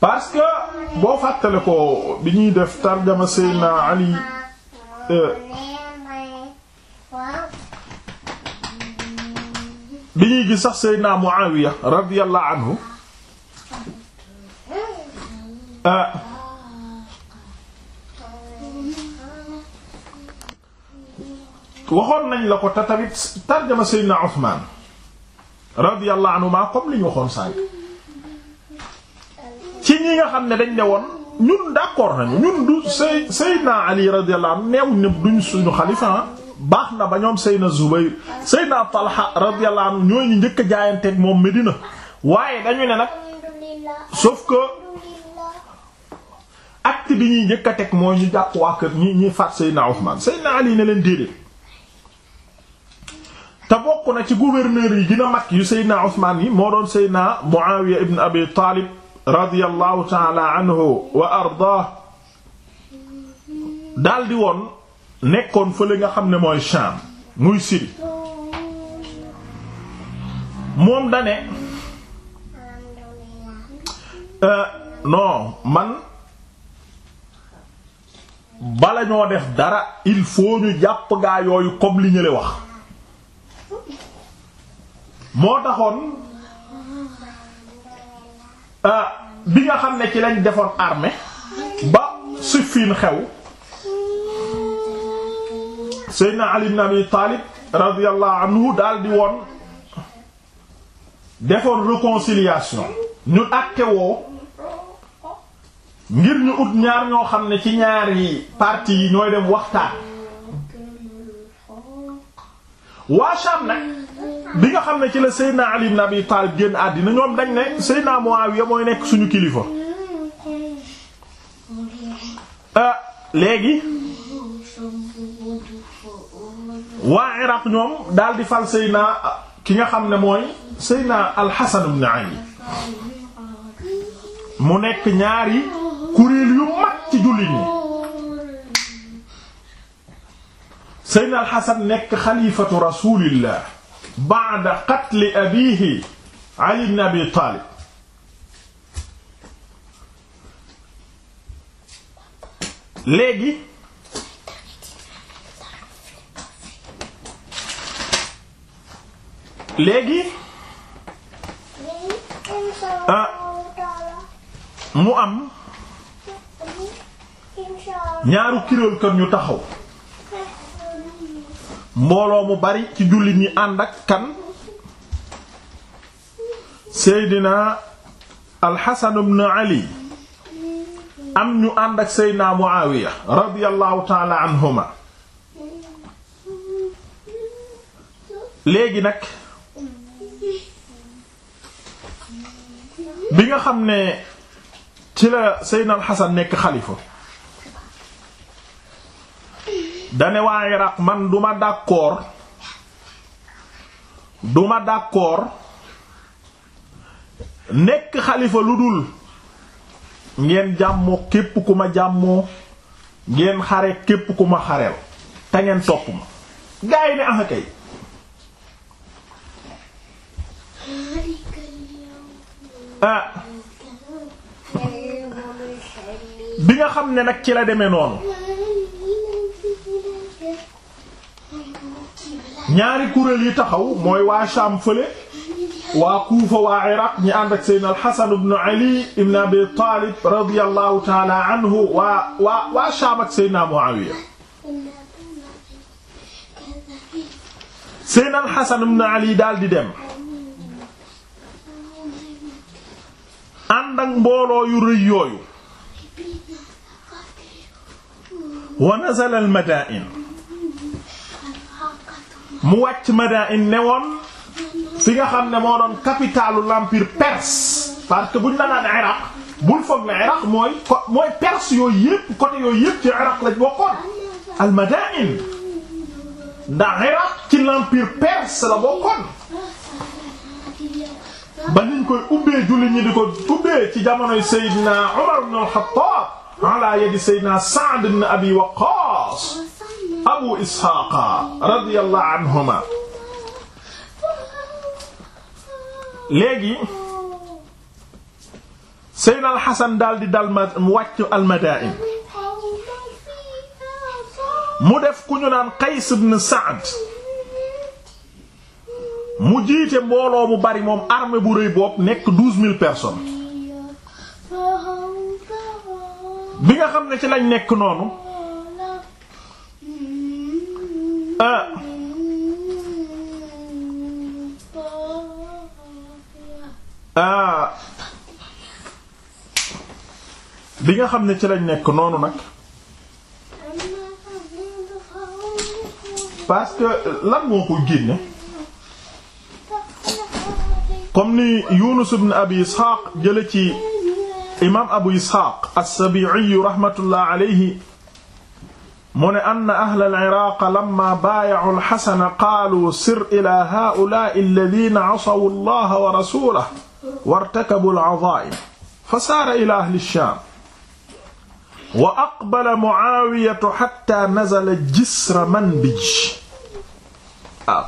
parce que boo fàttale ko bi ñuy def tarjama Seydina Ali euh, bi ñuy gis sax Seydina Muawiya euh, nañ la ko te tamit tarjama Seydina Usmaan radiyallahu anhu maa comme li ñu waxoon sànq ci ñi nga xam ne dañ ne woon ñun d'accord nañu ñun du say Seydina Ali radiyallahu anhu neew ne duñ suñu xalifa baax na ba ñoom Seydina Zubayr Seydina Talha radiyallahu anhu ñooy ñu njëkk a jaayanteeg moom Medina waaye dañu ne nag sauf que acte bi ñuy njëkk a teg mooy ñu jàpp waa kër ñi ñi faat Seydina Ousmane Seydina Ali ne leen déedéet te bokk na ci gouverneur yi gën mag yu Seydina Ousmane yi moo doon Seydina Muawiya ibn Abi Talib radiyallahu taala anhu wa ardaah daldi woon nekkoon fële nga xam ne mooy Sham muy Syrie moom dane euh, non man bala ñoo def dara il faut ñu jàpp gaa yooyu comme li ñële wax moo taxoon Euh, bi nga xam ne ci lañ defoon armée ba Siffin xew Seydina Ali ibn Abi Talib radiyallahu anhu daal di woon defoon réconciliation ñu àtte woo ngir ñu ut ñaar ñoo xam ne ci ñaari parti yi ñooy dem waxtaan waa Sham bi nga xam ne ci la Seydina Ali ibn Abi Taalib génn àddina ñoom dañ ne Seydina Muawiya mooy nekk suñu kilifa ah, léegi waa Iraq ñoom daal di fal Seydina ki nga xam ne mooy Seydina Al-Hasan ibn Ali mu nekk ñaari kuréel yu mag ci jullit ñi Seydina al nekk xalifatu Rasulillah ba'da qatli abiihi Ali ibn Abi Taalib léegi ah, mu am ñaaru kirool kër ñu taxaw mbooloo mu bari ci jullit ñi ànd ak kan seydina alxasan ibn ali am ñu ànd ak seydina muawiya radiyallahu taala anhuma léegi nag bi nga xam ne ci la seydina alxasan nekk xalifa dane waa Iraq man duma d'accord duma d'accord nekk xalifa lu dul ngeen jàmmoo képp ku ma jàmmoo ngeen xare képp ku ma xareel te ngeen topp ma gaay ne ah kay ah. bi nga xam ne nag ci la demee noonu ñaari kuréel yi taxaw mooy waa Sham fële waa Kuufa waa Iraq ñi ànd ak Seydina al-Hasan ibn Ali ibn Abi Talib radiyallahu daal di dem ànd ak mbooloo yu rëy yooyu wa mu wàcc Madain ne woon fi nga xam ne moo capital lampir l'empire perse bu que buñ la bul foog ne Irak mooy mooy perse yooyu yëpp côté yooyu yëpp ci Irak lañ bokkoon al Madain ndax Irak ci l'empire perse la bokkoon ba koy ubbee julli ñi di ko ubbee ci jamonoy Seydina Umar ibn al-Khattab ala yadi Seydina Sa'd ibn Abi Waqqas abu isxaaqa radiyallahu anhuma léegi seydna alxasan daldi di dal ma mu wàcc almadaa'in mu def ku ñu naan qays ibn saad mu jiite mbooloo mu bari moom armée bu rëy boobu nekk douze mille personnes bi nga xam ne ci lañ nekk noonu ah ah bi nga xam ne ci lañ nekk noonu nag parce que lan moo ko génne comme ni Yunus ibn Abi Ishaq jële ci imaam Abu Ishaq as-Sabi'i rahmatullah alayhi mu ne ann ahla alciraqa lamma baayacu alxasana qaaluu sir ila haulaai alladina casawu allaha wa rasulah wartakabu alcadaa'im fa saara ila ahli lchaam wa aqbala mucaawiyatu xatta nazala jisra manbij waaw ah.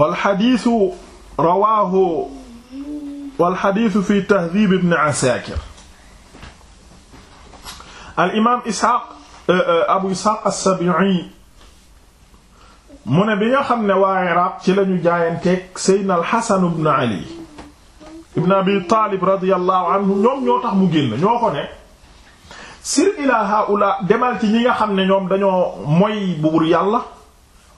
walxadiisu rawaahu walxadiisu fi tahdiib ibn asaakir al imaam Isxaaq euh, euh, Abu Isxaaq as-Sabi'i mu ne bi nga xam ne waa Iraq ci lañu jaayanteeg Seydina al-Hasan ibn Ali ibn Abi Taalib radiyallahu anhu ñoom ñoo tax mu génn ñoo ko ne sir ilaa haula demal ci ñi nga xam ne ñoom dañoo mooy buur yàlla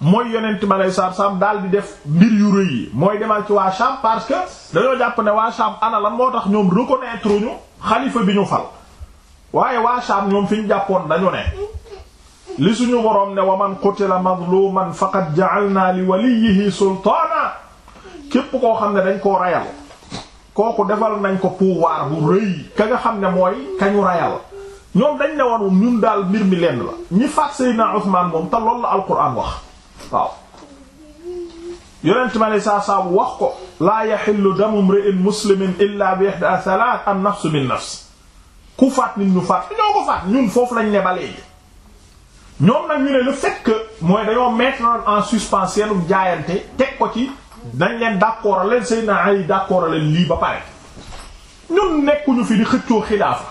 mooy yonent ma lay saab saab daal di def mbir yu rëy yi mooy demal ci waa Sham parce dañoo jàpp ne waa Sham ana lan moo tax ñoom reconnaître ñu xalifa bi ñu fal waaye waa Sham ñoom fi ñu jàppoon dañu ne li suñu boroom ne wa man qutila mazluman faqad ja'alna li waliyihi sultaana képp koo xam ne dañ koo rayal kooku defal nañ ko pouvoir bu rëy ka nga xam ne mooy kañu rayal ñoom dañ ne woon ñun daal mbir mi leen la ñi faat Seydina Usmaan moom te loolu la alquran wax ma ne saa saa wax ko laa yaxillu damu imri'in muslimin illa bi ihda thalath an nafsu bin nafs ku faat nit ñu faat ñoo ko faat ñun foofu lañ ne ba léegi ñoom nag ñu ne le fait que mooy dañoo mettre en suspens seenum jaayante teg ko ci dañ leen d'accord leen Seydina Ali d'accord leen lii ba pare ñun nekkuñu fi di xëccoo xilaafa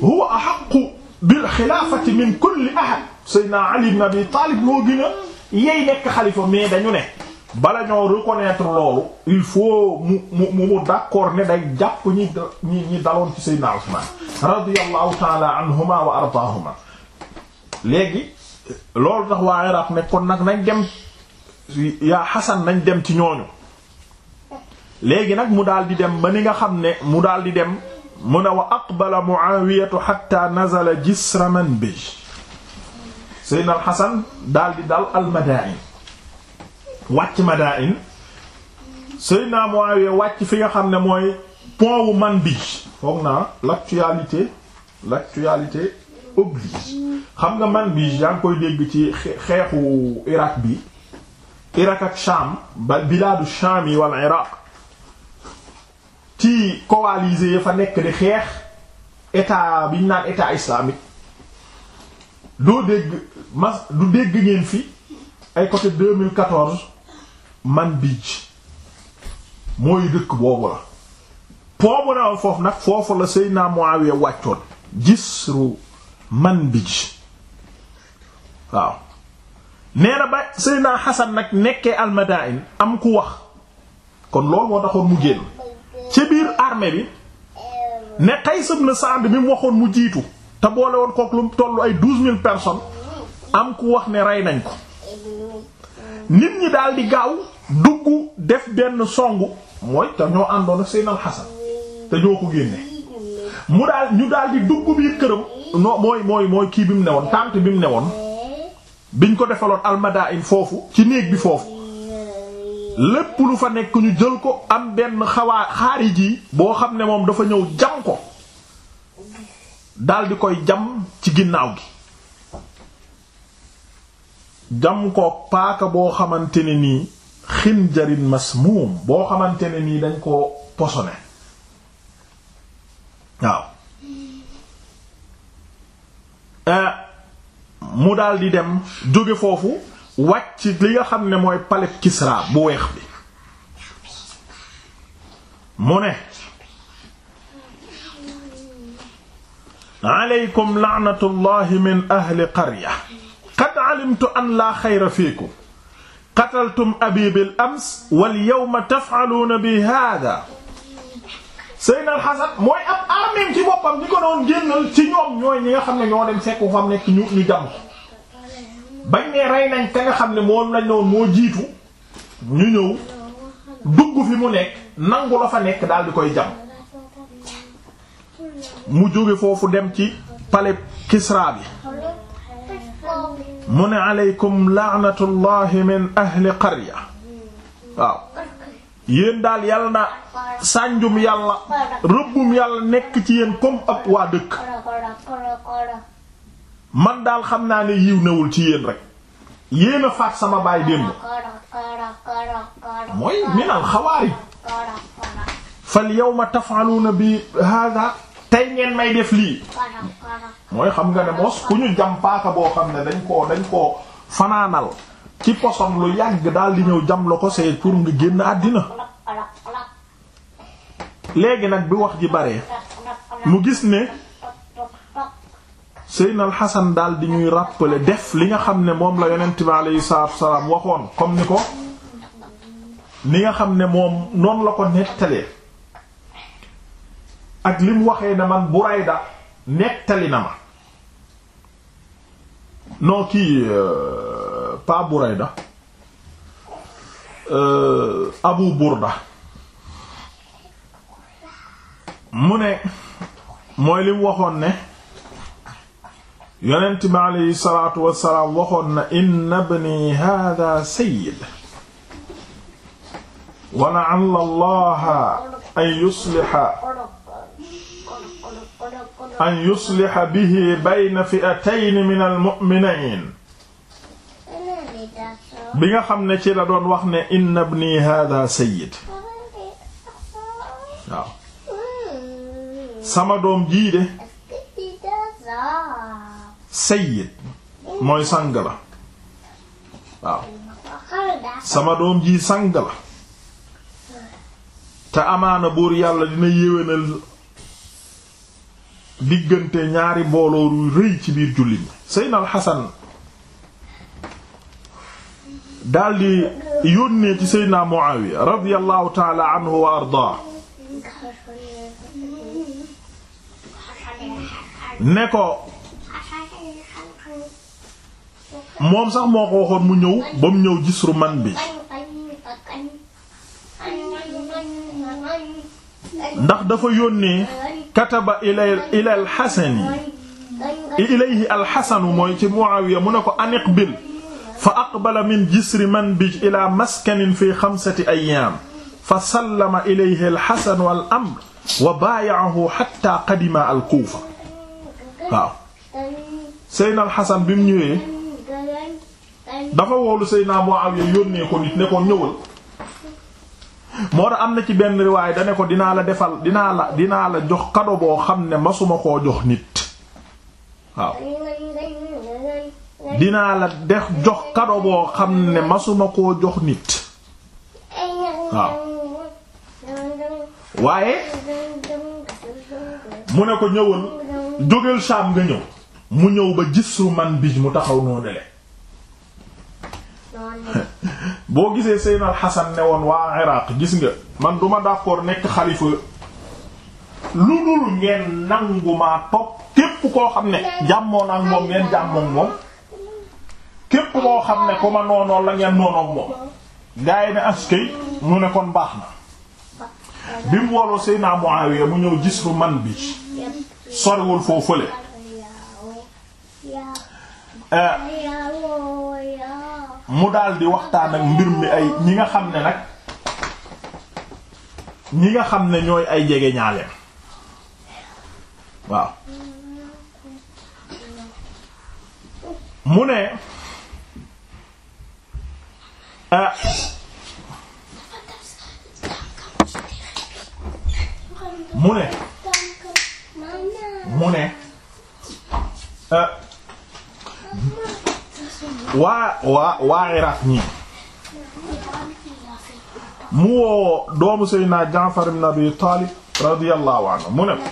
huwa ahaqqu bil xilaafati min kulli ahad Seydina Ali ibn Abi Talib moo gën a yey nekk xalifa mais dañu ne bala ñoo reconnaître loolu il faut mu mu mu ne day jàpp ñi ñi ñi daloon ci Seydina Usmaan radiyallahu taala anhuma wa ardaahuma léegi loolu tax waa Iraq ne kon nag nañ dem yaa Xasan nañ dem ci ñooñu léegi nag mu daal di dem ba ni nga xam ne mu daal di dem mu ne wa aqbala Muawiyatu hatta nazala jisra Manbij Seydina Xasan daal di dal al-Madaa'in wàcc Madain Seydina Muawiya wàcc fi nga xam ne mooy powu man bi foog naa l'actualité l'actualité oblige xam nga man bi yaa ngi koy dégg ci xeexu Irak bi Irak ak Sham ba bilaadu Sham yi wal Irak ci coalisés yi fa nekk di xeex état bi ñu naan état islamique doo dégg mas du dégg ngeen fi ay côté 2014 man bij mooy dëkk boobu la poobu na woon foofu nag foofu la Seydina Muawiya wàccoon jisru man bij waaw nee na ba Seydina Hasan nag nekkee almadain am ku wax kon loolu moo taxoon mu génn ci biir armée bi ne Qays ibn Sa'd mi mu waxoon mu jiitu te boole woon kook lu tollu ay douze mille personnes am ku wax ne rey nañ ko nit ñi daal di gaaw dugg def benn songu mooy te ñoo àndoon ak Seynal Xasan te ñoo ko génne mu daal ñu daldi di dugg biir këram no mooy mooy kii bi mu newoon tànt bi mu newoon biñ ko defaloon almadaa in foofu ci néeg bi foofu lépp lu fa nekk ñu jël ko am benn xawaa xaari boo xam ne moom dafa ñëw jam ko daal koy jam ci ginnaaw gi jam koog paaka boo xamante ne nii xinjarin masmuum boo xamante ne nii dañ koo posone waaw eh, mu daal di dem jóge foofu wàcc li nga xam ne mooy palais Kisra bu weex bi mu ne aleykum laanatullahi min ahli qarya qad alimtu an laa xayra fiikum qataltum abi bil ams wal yawma taf'aluuna bi haadaa Seydina Alxasan mooy ab armeem ci boppam ñi ko doon génnal ci ñoom ñooy ñi nga xam ne ñoo dem fekku fam nekk ñu ñu jam ko bañ ne rey nañ ka nga xam ne moom lañ moo jiitu ñu ñëw dugg fi mu nekk nangu la fa nekk daal di koy jam mu jóge foofu dem ci palais Kisra bi mu ne aleykum laanatullahi min ahli qarya waaw yéen daal yàlla na sànjum yàlla rëbbum yàlla nekk ci yéen comme ab waa dëkk man daal xam naa ne yiw newul ci yéen rek yéen a faat sama baay démb mooy minal xawaarij fal yawma taf'aluna bi hadha tey ngeen may def lii mooy xam nga ne ku ñu jam boo xam ne dañ koo dañ koo fanaanal ci poson lu yàgg daal di ñëw jam la pour nga génn àddina léegi nag bi wax ji bare mu gis ne Seydina Al Hasan daal di ñuy rappeler def li nga xam ne moom la yonent bi alayhi salaatu wasalaam waxoon comme ni ko ni nga xam ne moom noonu la ko nettalee ak li mu waxee ne man Burayda nettali na ma non kii euh, pas Burayda euh, Abu Burda mu ne mooy li mu waxoon ne yonent bi aleyhi salaatu wassalaam waxoon na inna ibni hada sayyid wa la'alla allaha an yusliha an yusliha bihi bayna fi'atayn min al-mu'miniin bi nga xam ne ci la doon wax ne inna ibni hada sayyid sama doom jii de sayyid mooy sang sama doom ji sang la te buur yàlla dina yéwénal diggante ñaari mbooloo rëy ci biir jullit ñi Seydina al daldi yónnee ci Seydina Muawiya radiyallahu taala anhu wa ardaa ne ko moom sax moo ko waxoon mu ñëw ba mu ñëw gisru man bi ndax dafa yónnee kataba ilay ilay alxasani ilayhi alxasanu mooy ci Muawiya mu ne ko aniqbil fa aqbala min jisri manbij ila maskanin fi xamsati ayyaam fa sallama ilayhi alxasan wal amr wa baaya'ahu hatta qadima alkuufa waaw Seydina alxasan bi mu ñëwee dafa woolu Seydina Muawiya yónnee ko nit ne ko ñëwal moo tax am na ci benn riwaay da ne ko dinaa la defal dinaa la dinaa la jox kado boo xam ne masuma koo jox nit waaw la def jox kado boo xam ne masuma koo jox nit waaye mu ne ko ñëwal jógal Saam nga ñëw mu ñëw ba gisru man bij mu taxaw noonu le boo gisee Seydina Al Xasan ne woon waa Iraq gis nga man duma d'accord nekk xalifa lu dul ngeen nangu maa topp képp koo xam ne jàmmoon ak moom ngeen jàmmoon moom képp koo xam ne ku ma noonoon la ngeen noonoon moom gaa ne askay mu ne kon baax na bi mu waroo Seydina Muawiya mu ñëw gis man bi soriwul foofu fële mu daldi waxtaan ak mbir mi ay ñi nga xam ne nag ñi nga xam ne ñooy ay jege ñaaleem waaw eh, mu ne mu ne mu ne ah waa waa waa Iraq ñii mu woo doomu Seydina Jaafar ibn Abi Taalib radiyallahu anhu mu ne ko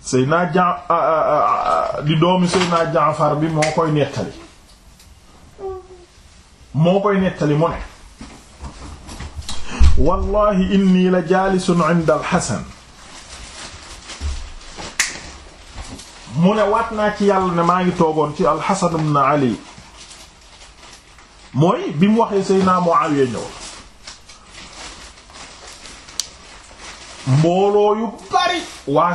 Seydina Ja di doomu Seydina Jaafar bi moo koy nettali moo koy nettali mu ne wallahi inni la jaalisun inda al-Hasan mu ne waat naa ci yàlla ne maa ngi toogoon ci alxasan ibn ali mooy bi mu waxee Seydina Muawiya ñëw mbooloo yu bari waa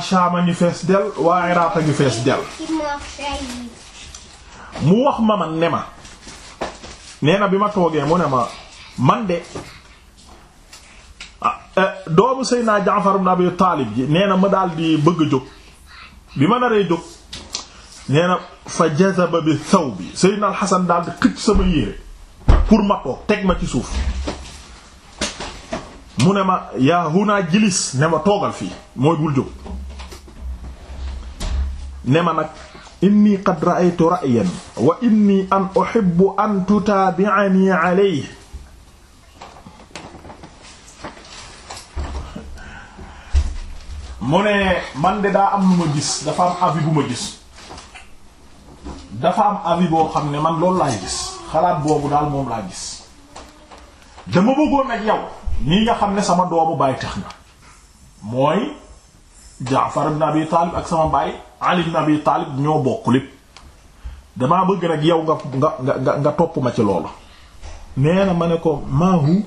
mu wax ma man ne ma nee bi ma toogee mu ne ma man de ah, eh, doomu Seydina Jaafar ibn Abi Taalib ji nee na ma daal di bëgg a jóg bi ma naree jóg nee na fa jazaba bi saw bi Seydina Al Hasan daal di xëcc sama yére pour ma toog teg ma ci suuf mu ne ma yaa huna jilis ne ma toogal fii mooy bul jóg ne ma nag inni qad ra'aytu ra'yan wa inni an uhibbu an tutaabi'ani alayhi mu ne man de daa am lu ma gis dafa am avis bu ma gis dafa am avis boo xam ne man loolu laay gis xalaat boobu daal moom laa gis dama bëggoon ak yow nii nga xam ne sama doomu baay tax na mooy Jaafar ibn Abi ak sama baay Ali ibn Abi ñoo bokk lépp damaa bëgg rek yow nga nga nga nga topp ma ci loolu nee na ma ne ko maahu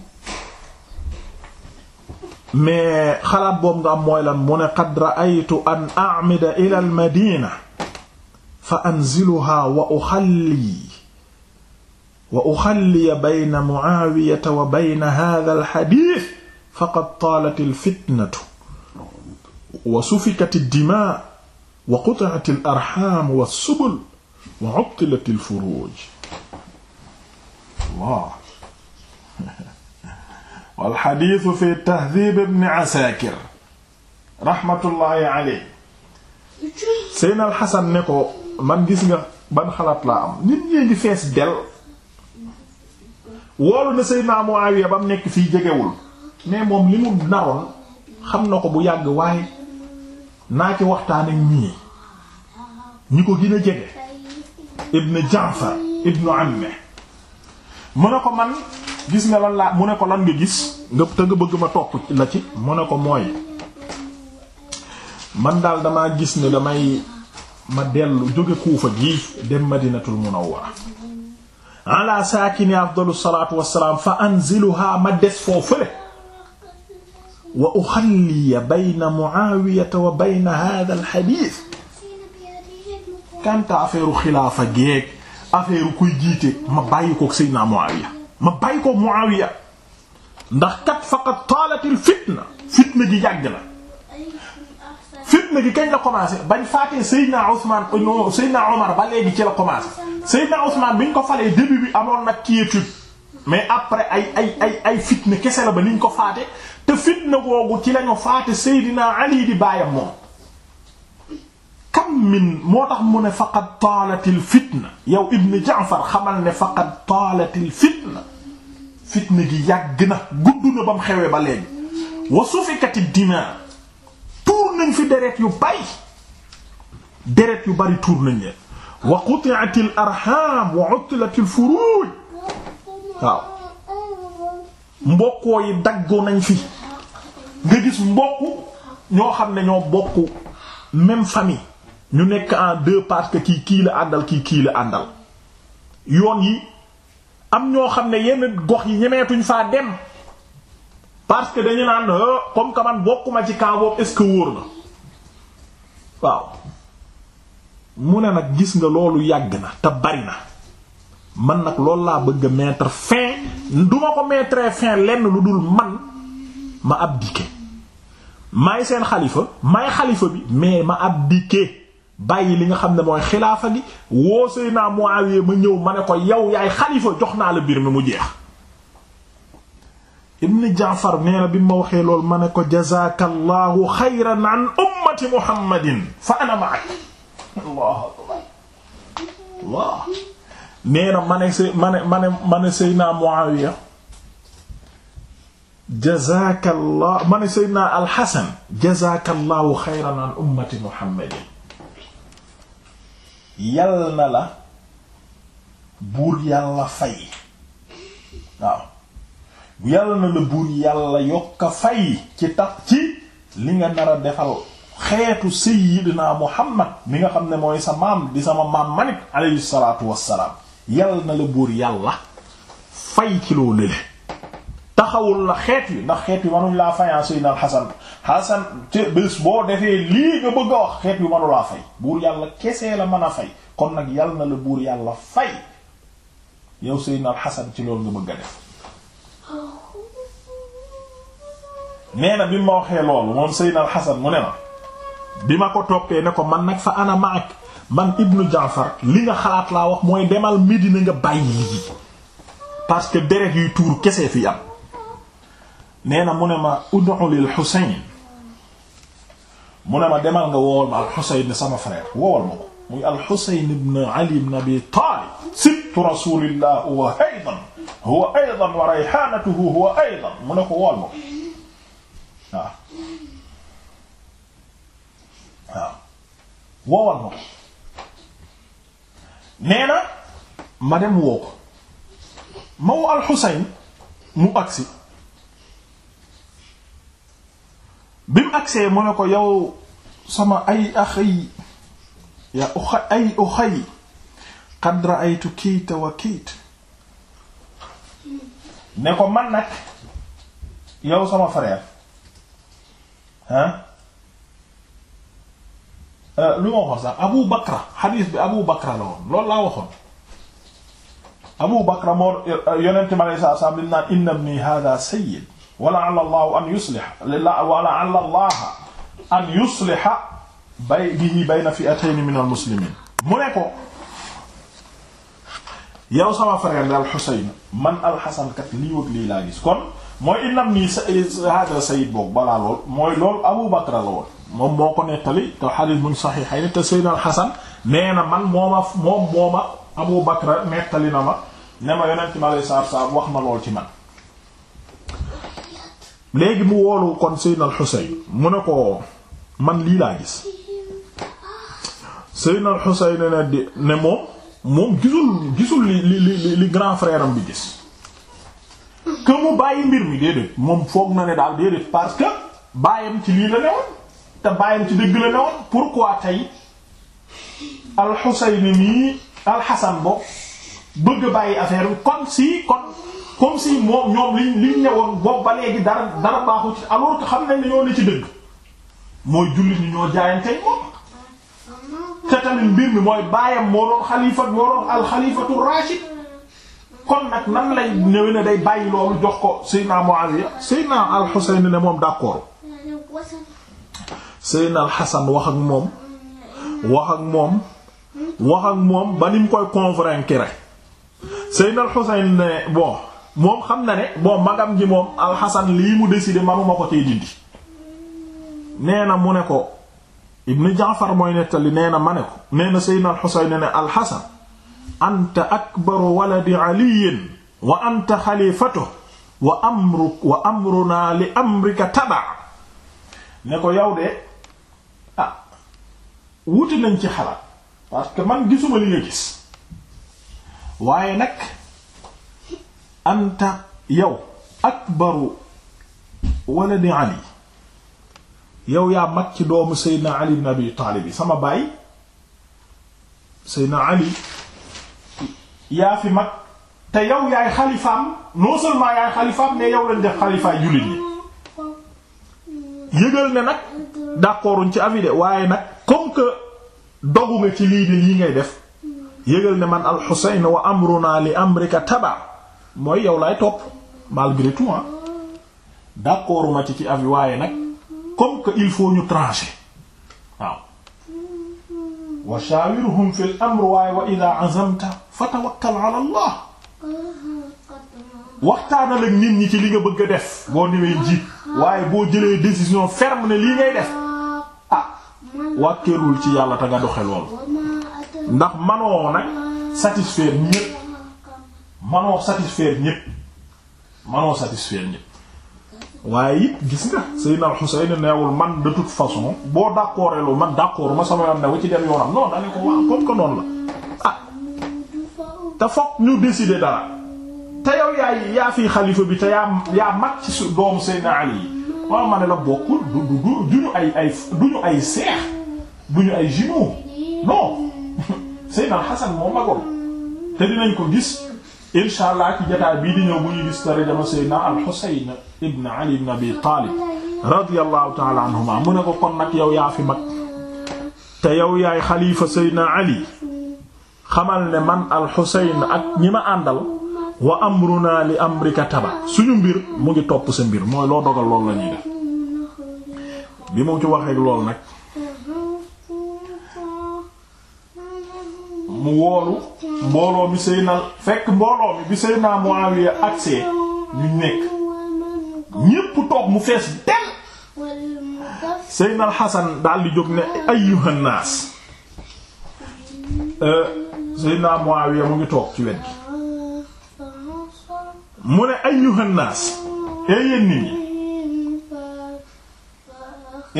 mais xalaat boobu nga am mooy lan mu ne qad ra'aytu an a'mida ila al madina fa anziluha wa uxalli wa uxalli bayna mu'awiyata wa bayna hadha al hadith faqad taalat al fitnatu wa sufikat ad dimaa wa quti'at al arham wa subul wa 'uttilat al furuj Allah wal xadiisu fi tahdib Seynal Xasan ne ko man gis nga ban xalaat laa am nit ñi di fees del woolu na Seydina Muawiya ba mu nekk fii jegewul mais moom li mu naroon xam na ko bu yàgg waaye naa ci waxtaan ak ñi ko gën jege ibn Jaafar ibn amme mu ne ko man gis nga lan laa mu ne ko lan nga gis nga te nga bëgg ma topp la ci mu ne ko mooy man daal damaa gis ne damay ma dellu jóge Kuufa gi dem Madinatul Munawwara ala saakini afdalu salaatu wassalaam fa anziluha ma des foofu le wa uxalliya bayna Muawiyata wa bayna haadha al-hadiis kanta affaire xilaafa geek affaire kuy jiite ma bàyyi kook Seydina Muawiya ma bàyyi kook Muawiya ndax kat faqat taalatil fitna fitna gi yàgg na fitna gi kañ la commencé bañ faatee Seydina Ousmane euh, non Seydina Omar ba léegi ci la commencé Seydina Ousmane biñ ko falee début bi amoon nag quiétude mais après ay ay ay ay fitna kese la ba niñ ko faate te fitna googu ci lañu faate Seydina Ali di baayam moom kam min moo tax mu ne faqad taalatil fitna yow ibn Jaafar xamal ne faqad taalatil fitna fitna gi yàgg na gudd na ba mu xewee ba léegi wa sufikati dima tuur nañ fi deret yu bay deret yu bari tuur nañ leen wa quti'at al arham wa utlat al furuj waaw mbokkoo yi daggoo nañ fi nga gis mbokk ñoo xam ne ñoo bokk même famille ñu nekk en deux parce que kii la àndal kii kii la àndal yoon yi am ñoo xam ne yenn gox yi ñemeetuñ faa dem parce que dañu naan euh, comme que man bokkuma ci camp boobu est-ce que wóor na waaw mu ne nag gis nga loolu yàgg na te bari na man nag loolu laa bëgg a mettre fin du ko mettre fin lenn lu dul man ma abdiquer maay seen xalifa maay xalifa bi mais ma abdiquer bàyyi li nga xam ne mooy xilaafa gi woo Seydina Muawiya ma ñëw ma ne ko yow yaay xalifa jox naa la biir mi mu jeex ibn Jaafar nee na bi ma waxee lool ma ne ko jazakallahu xayran an ummati muhammadin fa ana ma'ak allah allah nee na ma ne ma ne ma ne ma ne Seydina Muawiya jazakallahu ma ne Seydina al-Hasan jazakallahu xayran an ummati muhammadin yal na la buur yàlla fay waaw yal na la buur yàlla a fay ci tax ci li nga nar a defal xeetu sayyidina muhammad mi nga xam ne mooy sa maam di sama maam manit alayhi salaatu wassalaam yal na la buur yàlla fay ci loo lële taxawul la xeet yi ndax xeet wi manuñ laa fay ah, Seydina al Hasan Hasan te boo defee lii nga bëgg wax xeet wi manu laa fay buur yàlla kesee la mën a fay kon nag yàlla na la buur yàlla fay yow Seydina xasan Hasan ci loolu nga bëgg def nee na bi ma waxee loolu moom Seydina al Hasan mu ne ma bi ma ko toppee ne ko man nag fa ana maak man ibnu Jaafar li nga xalaat laa wax mooy demal Medina nga bàyyi lii parce que deret yuy tuur kese fi am nee na mu ne ma ud'u lil Xuseyn mu ne ma demal nga woowal ma al-Xuseyn sama frère woowal ma ko muy al-Xuseyn ibn Ali ibn Abi Taalib sibtu Rasuulillah huwa aydan huwa aydan wa rayhaanatuhu huwa aydan mu ne ko woowal ma ko waaw waaw woowal ma ko nee na ma dem woo ko ma woo al-Xuseyn mu agsi bi mu agsee mu ne ko yow sama ay axi yaa uxa ay uxay qad ra'aytu kiita wa kiit ne ko man nag yow sama frère ah lu ma waxoon sax Abu Bakra xadiis bi Abu Bakra la woon loolu laa waxoon Abu Bakra moo yonente mi aleye sat u naan inna ibni hada sayyid wala ala allah an yusliha wala ala allah an yusliha bay bihi bayna fi'atayn min al muslimin mu ne ko yow sama frère daal Xuseyn man alxasan kat lii wëg lii laa gis kon mooy inam nii hada sayid boog balaa lool mooy loolu Abu Bakr la woon moom moo ko nettali te xadis buñ saxiixay ni te Seydina alxasan nee na man mooma moom mooma Abu Bakr nettali na ma ne ma yonent mi alei salatu salaam wax na lool ci man léegi mu woolu kon Seydina al-Xuseyn mu ne ko man lii laa gis Seydina al-Xuseyn ne di ne moom moom gisul gisul li li li grand frère am bi gis que bàyyi mbir mi déedéet moom foog na ne daal déedéet parce que bàyyam ci lii la newoon te bàyyam ci dëgg la newoon pourquoi tey al-Xuseyn nii al-Xasan bo bëgg bàyyi affaire bi comme si kon comme si moom ñoom liñ liñ ñëwoon boobu ba léegi dara dara baaxu ci alors que xam nañ ne ñoo ne ci dëgg mooy jullit ñi ñoo jaayantey moom te mbir mi mooy baayam moo doon xalifa alxalifatu rashid nag nan lay day bàyyi jox ko Seydina Muawiya Seydina al-Husayn ne moom wax ak moom wax ak moom wax ak moom ba ni mu koy convaincre Seydina ne bon moom xam na ne bon magam ji moom alxasan lii mu décidé manuma ko cee dindi nee na mu ne ko ibn jaafar mooy nettali nee na ma ne ko nee na seydna alxusayn ne alxasan anta akbaru waladi aliyin wa anta xalifatu wa amrunaa li amrika taba ne ko yow de ah wuti nañ ci xalaat parce que man gisuma li nga gis waaye nag anta yow akbaru waladi ali yow yaa mag ci doomu seydna ali ibn abi taalib sama baay seydna ali yaa fi mag te yow yaay xalifaam non seulement yaay xalifaam mais yow lañ def xalifaay jullit ñi yëgal ne nag d'accorduñ ci avis de waaye nag comme que dogu nga ci lii de lii ngay def yëgal ne man al xusayn wa amruna li amrika taba mooy yow laay topp malgré tout ah d'accord ma ci ci avis waaye nag comme que il faut ñu trancher waaw wa shawirhum fil amr waaye wa idha azamta fatawakkal ala allah waxtaanal ak nit ñi ci li nga bëgg a def boo newee jiit waaye boo jëlee décision ferme ne lii ngay def ah wàkkeerul ci yàlla te nga doxe lool ndax manoo nag satisfaire ñépp manoo satisfaire ñépp manoo satisfaire ñépp waaye it gis nga Seydina al neewul man de toute façon boo d'accord lu man d'accord ma sama yoon ne wu ci dem yoonam non dane ko waaw comme que noonu la ah te fokk ñu décider dara te yow yaay yaa fii xalifa bi te yaa yaa ci su doomu Seydina Ali yi waaw ma ne la bokkul du du duñu ay ay duñu ay seex ay jumeaux non Seydina Al-Hasan magoon te dinañ ko gis incha allah bii di ñëw bu ñu gis tarjama sayyidina al-Husayn Ali ibn Abi Talib radiyallahu ta'ala anhuma mu ne ko kon nag yow yaa fi mag te yow yaay xalifa sayyidina Ali xamal ne man al ak ñi ma àndal wa amruna li amrika taba suñu mbir mu ngi topp sa mbir mooy loo dogal loolu la ñuy bi mu ci waxee lool nag. mu woolu mbooloo mi sëy fekk mbooloo mi bi sëy naa Muawiya agsee ñu nekk ñépp toog mu fees del sëy na Hasan daal di jóg ne ayyuhan naas euh, sëy naa Muawiya mu ngi toog ci wet mu ne ayyuhan naas ee eh nit ñi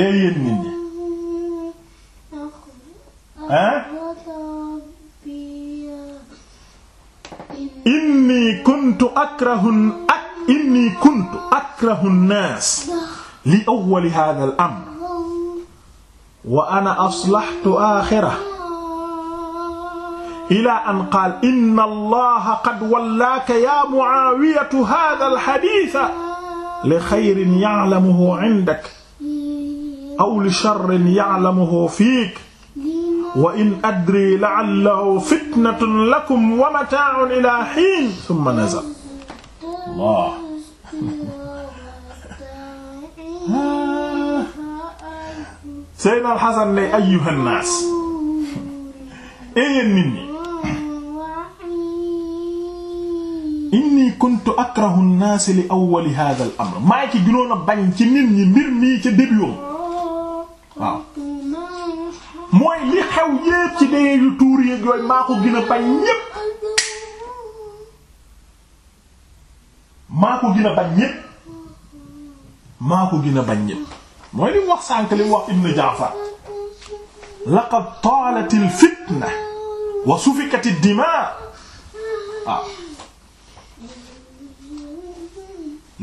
ee eh nit ñi hein inni kuntu akrahu ak inni kuntu akrahu an-nas li awwal hadha al-amr wa ana aslahtu akhirahu ila an qaal inna allaha qad wallaaka yaa mucaawiyatu haada alxadiisa li xayrin yaclamuhu cindak aw li charrin yaclamuhu fiik wa in adri la'allahu fitnatun lakum wa mataa'un ilaa hiin thumma nazal Allah Seydina Al Hasan ne ayyuha nnaas eh, yéen nit ñi inni kuntu akrahu nnaas li awwali haadha al amr maa ci gënoon a bañ ci nit ñi mbir mii ca début waaw mooy li xew yépp ci dee yu tuur yéeg yooyu maa ko gën a bañ ñépp maa ko gën a bañ ñépp maa ko gën a bañ ñépp mooy li wax sànk li wax Ibn Jaafar laqad taalat al fitna wa sufikat ad dimaa waaw ah.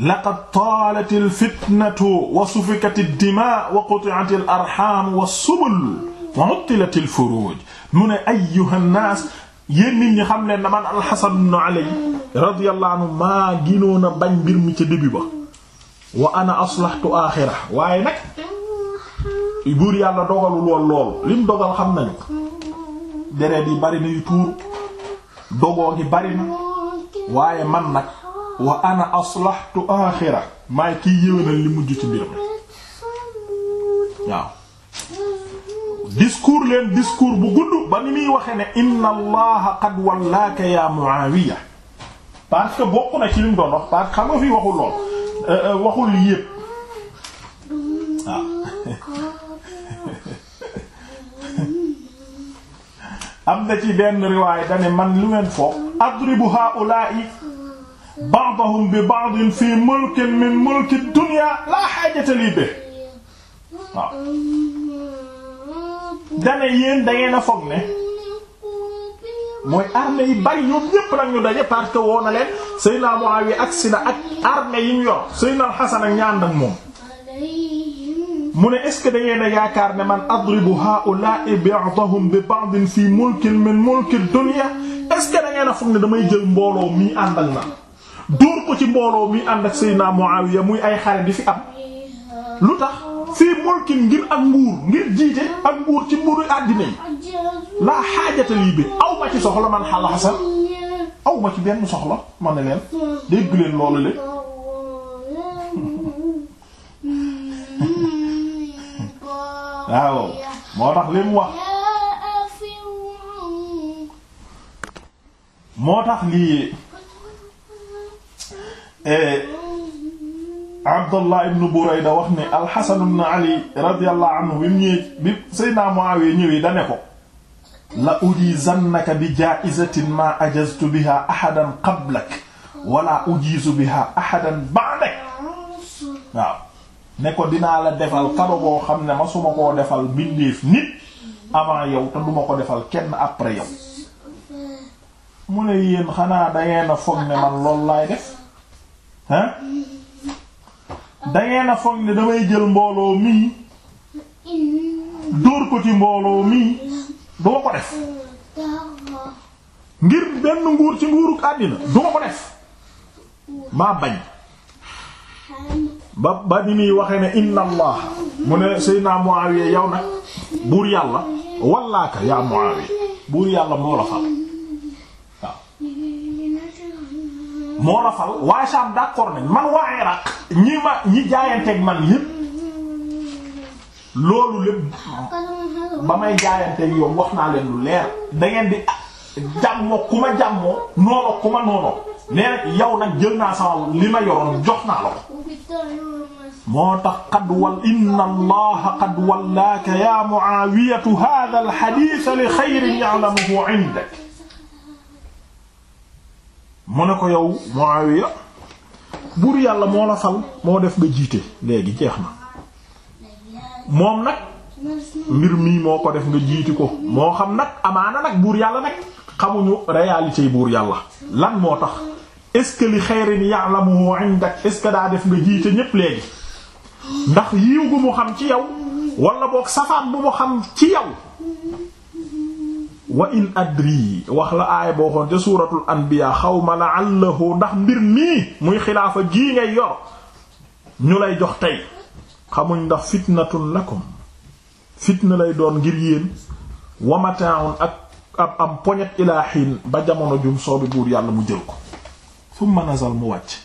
laqad taalat al fitnatu wa sufikat ad dimaa wa quti'at al arham was subul wa uttilatil furuj mu ne ayyuha nnaas xam leen na man alxasan ibn ali radiyallahu anhu maa ginoon bañ mbir mi ca ba waaye nag buur yàlla dogalul woon lim dogal xam nañu deret yi bari na yu tuur dogoo gi bari waaye man nag wa ana aslahtu axira maay kiy yéwénal li mujj ci mbir discours leen discours bu gudd ba ni muy waxee ne inna allaha qad wallaaka ya Muawiya parce que bokk na ci li mu doon wax parce que xam nga fi waxul lool euh, euh, waxul yépp waaw ah. am na ci benn riwaay dane man lu ngeen foog adribu haula'i ba'dahum bi ba'din fi mulkin min mulki dunya la hajata li bi waaw dana yéen da ngeen a foog ne mooy armée yi bari ñoom ñépp nag ñu daje parce que woo na leen Seydina Muawiya agsi na ak armée yi ñu yor Seydina Hasan ak ñaan ak moom mu ne est-ce que da ngeen a yaakaar ne man adribu haa'ulaa'i ba'dahum bi ba'din fii mulkin min mulki dunya est-ce que da ngeen a foog ne damay jël mbooloo mii ànd ma na dóor ko ci mbooloo mii ànd ak Seydina Muawiya muy ay xare di fi am lu tax fii mulkin ngir ak nguur ngir jiite ak nguur ci nguuru àddina yi laa xaajata bi aw ma ci soxla man xal xasan aw ma ci benn soxla ma ne leen dégg leen loolu le waaw moo tax li mu tax lii eh, Abdullah ibn Burayda wax ne al-Hasan ibn Ali radiyallahu anhu bi mu ñëwee bi Seydina Muawiya ñëwee da ne la ujizannaka bi ja'izatin ma ajaztu biha ahadan qablak wala ujizu biha ahadan ba'dak waaw dinaa la defal kado boo xam ne ma su koo defal bindeef nit avant yow te duma ko defal kenn après yow mu ne yéen xanaa dangeen a foog ne man loolu def hein dangeen a foog ne damay jël mbooloo mii dóor ko ci mbooloo mii duma ko def ngir benn nguur ci nguuruk àddina duma ko def maa bañ ba ba ni muy waxee ne inna allah mu ne Seydina Muawiya yow na buur yàlla wallaaka yaa Muawiya buur yàlla moo la fal moo la fal waa Sham d'accord nañ man waa Iraq ñi ma ñi jaayanteeg man yépp loolu lépp ba may jaayanteeg yow wax naa leen lu leer da ngeen di jàmmoo ku ma jàmmoo noonoo ku ma noonoo nee nag yow nag jël naa sama li ma yoroon jox naa la ko tax qad wal inna allaha qad wallaaka ya muawiyatu hadha al hadith li khayrin ya'lamuhu 'indak mu ne ko yow moo Muawiya buur yàlla moo la fal moo def nga jiite léegi jeex na moom nag mbir mii moo ko def nga jiiti ko moo xam nag amaana nag buur yàlla nag xamuñu réalité yi buur yàlla lan moo tax est-ce que li xayrin ya'lamu 'indak est-ce que daa def nga jiite ñépp léegi ndax yiiw gu mu xam ci yow wala boog safaan bu mu xam ci yow wa in adri wax la aaya boo xoon ca suuratul anbiya xawma la'allahu ndax mbir mii muy xilaafa gii ngay yor ñu lay jox tey xamuñ ndax fitnatun lakum fitna lay doon ngir yéen wa mata'un ak ab am poñet ilaa ba jamono jum soobi buur yàlla mu jël ko summa nazal mu wàcc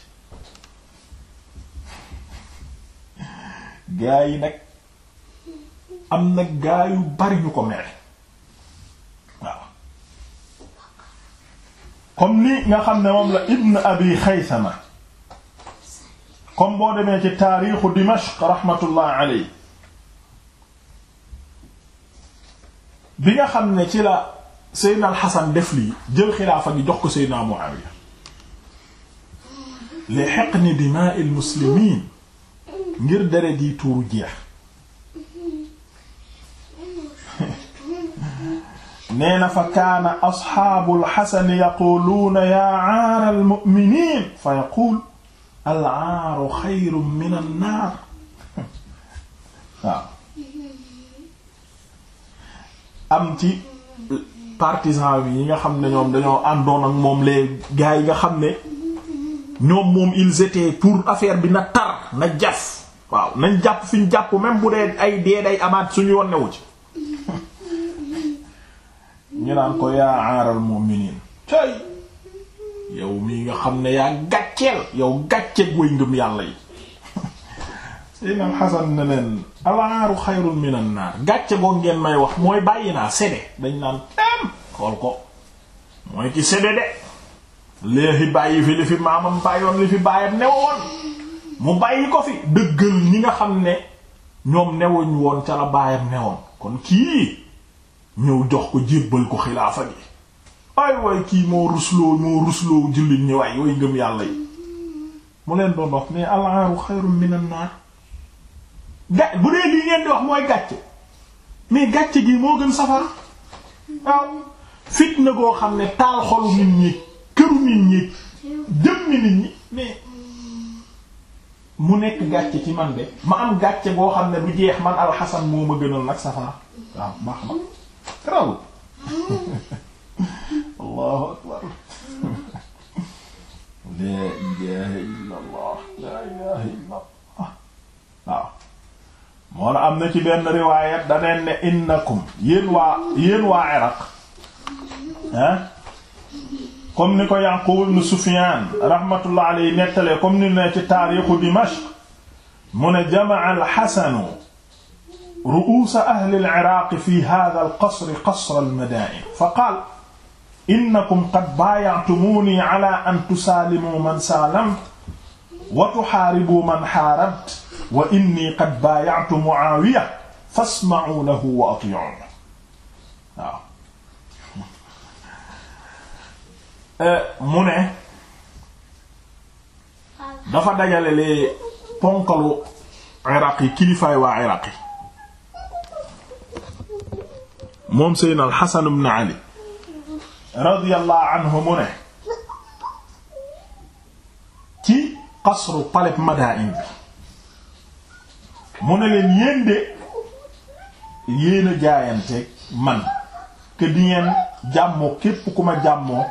gaa yi nag am na gaa yu bari ñu ko mere comme ni nga xam ne moom la Ibn Abi Xaysama comme boo demee ci taarixu Dimashq rahmatullah alayhi bi nga xam ne ci la Seydina Al-Hasan def lii jël xilaafa gi jox ko Seydina Muawiya li hiqni dimaa'i al-muslimiin ngir deret yi tuuru jeex nee na fa kaana asxaabu alxasani yaquluuna yaa aara almuminin fa yaquul alaaru xayru min annaar waaw am ci partisan bi yi nga xam ne ñoom dañoo àndoon ak moom les gars yi nga xam ne ñoom moom ils étaient pour affaire bi na tar na jaf waaw nañ jàpp fi ñu jàpp même bu dee ay dee day amaat suñu yoon newu ci ñu naan ko yaa aaral mu'miniin tey yow mii nga xam ne yaa gàcceel yow gàcceeg way ngëm yàlla yi Seydina Xasan ne leen alaaru xayrun minan naar gàcce goo ngeen may wax mooy bàyyi naa sédde dañ naan tam xool ko mooy ki sédde de léegi bàyyi fi li fi maamam bàyyoon li fi bàyyam newoon mu bàyyi ko fi dëggal ñi nga xam ne ñoom newuñ woon ca la bàyyam newoon kon kii ñëw jox ko jébbal ko xilaafa gi ay waay kii moo rusloo moo rusloo jullit ñi waay yooyu ngëm yàlla yi mu leen doon wax mais alaaru xayru minan naar ga bu dee lii ngeen di wax mooy gàcce mais gàcce gii moo gën safara waaw fitna goo xam ne taal xolu nit ñi këru nit ñi jëmmi nit ñi mais mu nekk gàcce ci man de ma am gàcce goo xam ne du jeex man alxasan moo ma gënal nag safara waaw maax ma raw allahu akbar la ilaha illa allah la ilaha illa allah waaw moo na am na ci benn riwaayat da neen ne innakum yéen waa yéen waa iraq ah comme ni ko Yaqub ibn Sufyan rahmatullah alayhi nettalee comme ni ne ci taarixu Dimashq mu ne jamaa al-Hasan ru'uusa ahli al-Iraaq fi haadha al-qasri qasra al-madaa'in fa qaala innakum qad baaya'tumuunii alaa an tusaalimuu man saalamtu wa tuhaaribuu man haarabtu wa innii qad baaya'tu Mu'aawiya fasma'uu lahu wa atii'uuhu waaw eh, mu ne dafa dajale lee ponkalu Iraaq yi kilifaay waa Iraaq yi moom seydna alxasan ibn ali radiyallahu anhu mu ne ci xasru palais Madain bi mu ne leen yéen de yéen man que di ngeen jàmmoo ku ma jàmmoo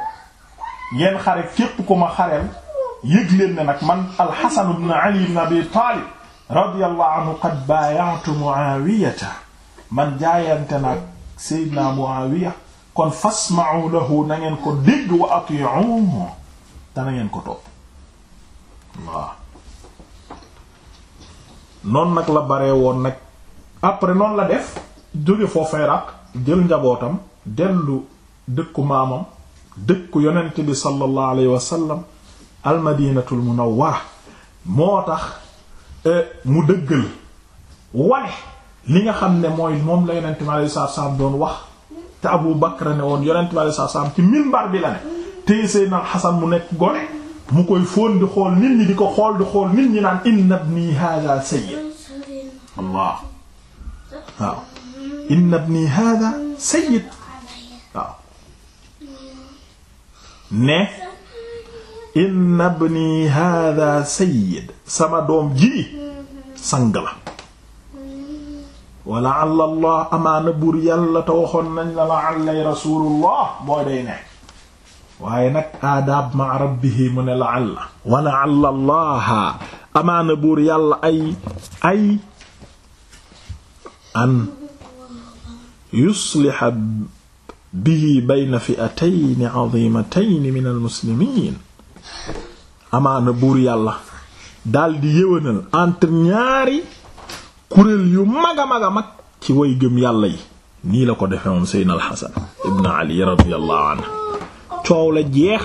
ngeen xare képp ku ma xareel yëg leen ne nag man alxasan ibn ali ibn abi taalib radiyallahu anhu qad baaya'tu muawiyata man jaayante nag Seydina Muawiya kon fas lahu na ngeen ko dégg wa ati'uhu te na ngeen ko topp waaw noonu nag la bare woon nag après noonu la def jóge foofu Iraq jël njabootam dellu dëkku maamam dëkku yonent bi sallallahu alayhi wa sallam almadinatul munawwara moo tax eh, mu dëggal wane li nga xam ne mooy moom la yonent bi alayhi salaatu wax te Abu Bakr ne woon yonent bi alayhi salaatu salaam ci minbar bi la ne tey Seydina mu nekk gone mu koy fóon di xool nit ñi di ko xool di xool nit ñi naan inna ibni haaza sayyid Allah waaw inna ibni sama doom ji sang wala amaana buur yàlla te waxoon nañ la la allay rasulullah booy day ne waaye nag aadaab ma rabbihi mu ne la alla amaana buur yàlla ay ay an yusliha bihi bayna fi'atayn 'azimatayn min almuslimiin amaana buur yàlla daldi yëwënal entre kuréel yu mag a mag ci way gëm yàlla yi nii la ko defe moom seydna alxasan ibn ali radiyallahu anhu coow la jeex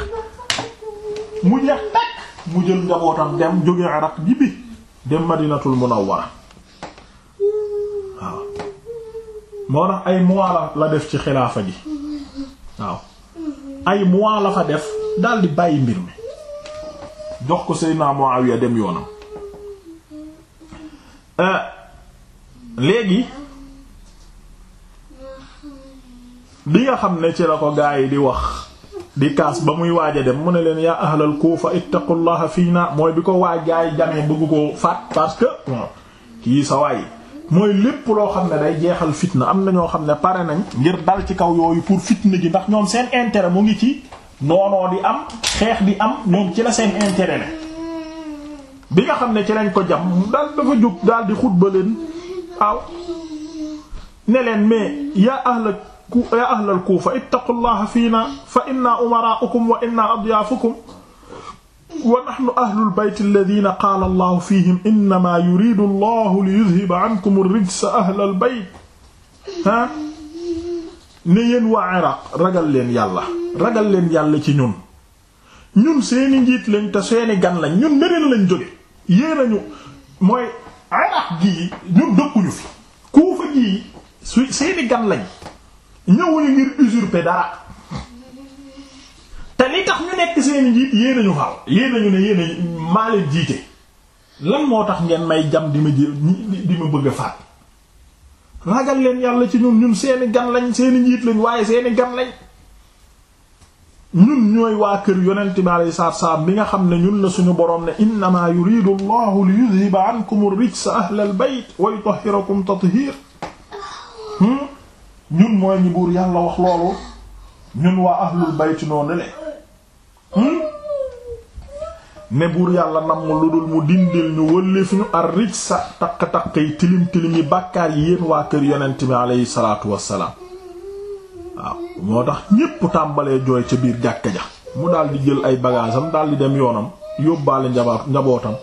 mu jeex teg mu jël njabootam dem jóge Iraq jibi dem madinatul munawwara waaw moo tax ay mois la def ci xilaafa ji waaw ay mois fa def daldi bàyyi mbir mi jox ko seydna Muawiya dem yoonam eh, léegi bi nga xam ne ci la ko gaa yi di wax di kaas ba muy waaj a dem mu ne leen yaa ahlal kuufa ittaqullaha fii naa mooy bi ko waaj gaa yi jamee bëgg koo faat parce que kii sa waay mooy lépp loo xam ne day jeexal fitna am na ñoo xam ne pare nañ ngir dal ci kaw yooyu pour fitna gi ndax ñoom seen intérêt mu ngi ci noonoo di am xeex di am ñoom ci la seen intérêt ne bi nga xam ne ci lañ ko jam daal dafa jóg daal di xutba leen waaw ne leen mais yaa ahla yaa ahlal kuufa fa inna umaraa'ukum wa inna adyaafukum wa nahnu ahlul bayti alladhiina qaala allahu fiihim innamaa yuriidu allahu liyudhhiba ankum ar-rijsa ahlal bayt ha ne yéen waa Iraq ragal leen yàlla ragal leen yàlla ci ñun ñun seeni njiit lañ ta seeni gan la ñun neneen lañ jóge yéen a ñu mooy Iraq gii ñun dëkkuñu fi Kuufa gi su seeni gan lañ ñëwuñu ngir usurper dara te li tax ñu nekk seeni njiit yéen a ñu xaw yéen a ñu ne yéen maa leen jiite lan moo tax ngeen may jam di ma jé di ma bëgg a faat ragal leen yàlla ci ñun ñun seeni gan lañ seeni njiit lañ waaye seeni gan lañ. ñun ñooy waa kër yonent bi alayhi salaatu salaam bi nga xam ne ñun la suñu boroom ne innamaa yuridu allahu li yudhiba ankum ar-rijsa ahla al-bayt wa yutahhirakum tathiir hmm? ñun mooy ñi buur yàlla wax loolu ñun waa ahlul bayt noonu le hmm? ne buur yàlla nam lu dul mu dindil ñu wëllif ñu ar-rijsa taq-taq yi tilim tilim yi bàkkaar yi yéen waa kër yonent bi alayhi salaatu wassalaam waaw moo tax ñépp tàmbalee jooy ca biir jàkka ja mu daal di jël ay bagaasam daal di dem yoonam yóbbaale njabaat njabootam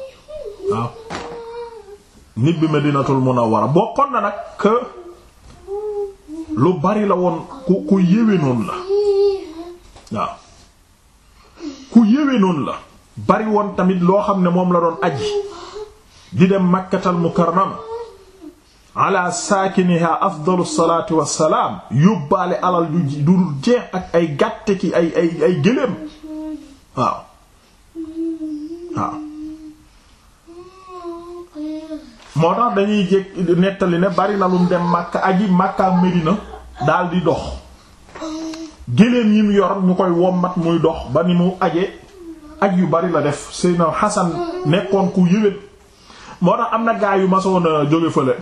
waaw ñibbi Medinatul Munawwara bokkoon na nag que lu bari la woon ku ku yéwe la waaw ku yéwe la bari woon tamit loo xam ne moom la doon aji di dem Makkatal Mukarrama ala saakiniha afdalu salaatu wassalaam yóbbaale alal du dul jeex ak ay gàtte ki ay ay ay waaw waaw moo tax dañuy jekk nettali ne bari na lum dem Makka aji Makka Medina daal di dox gëléem yi yor ñu koy wommat muy dox ba ni mu aje aj yu bari la def Seydina Hasan nekkoon ku yëwét moo tax am na gaa yu masoon a jóge fële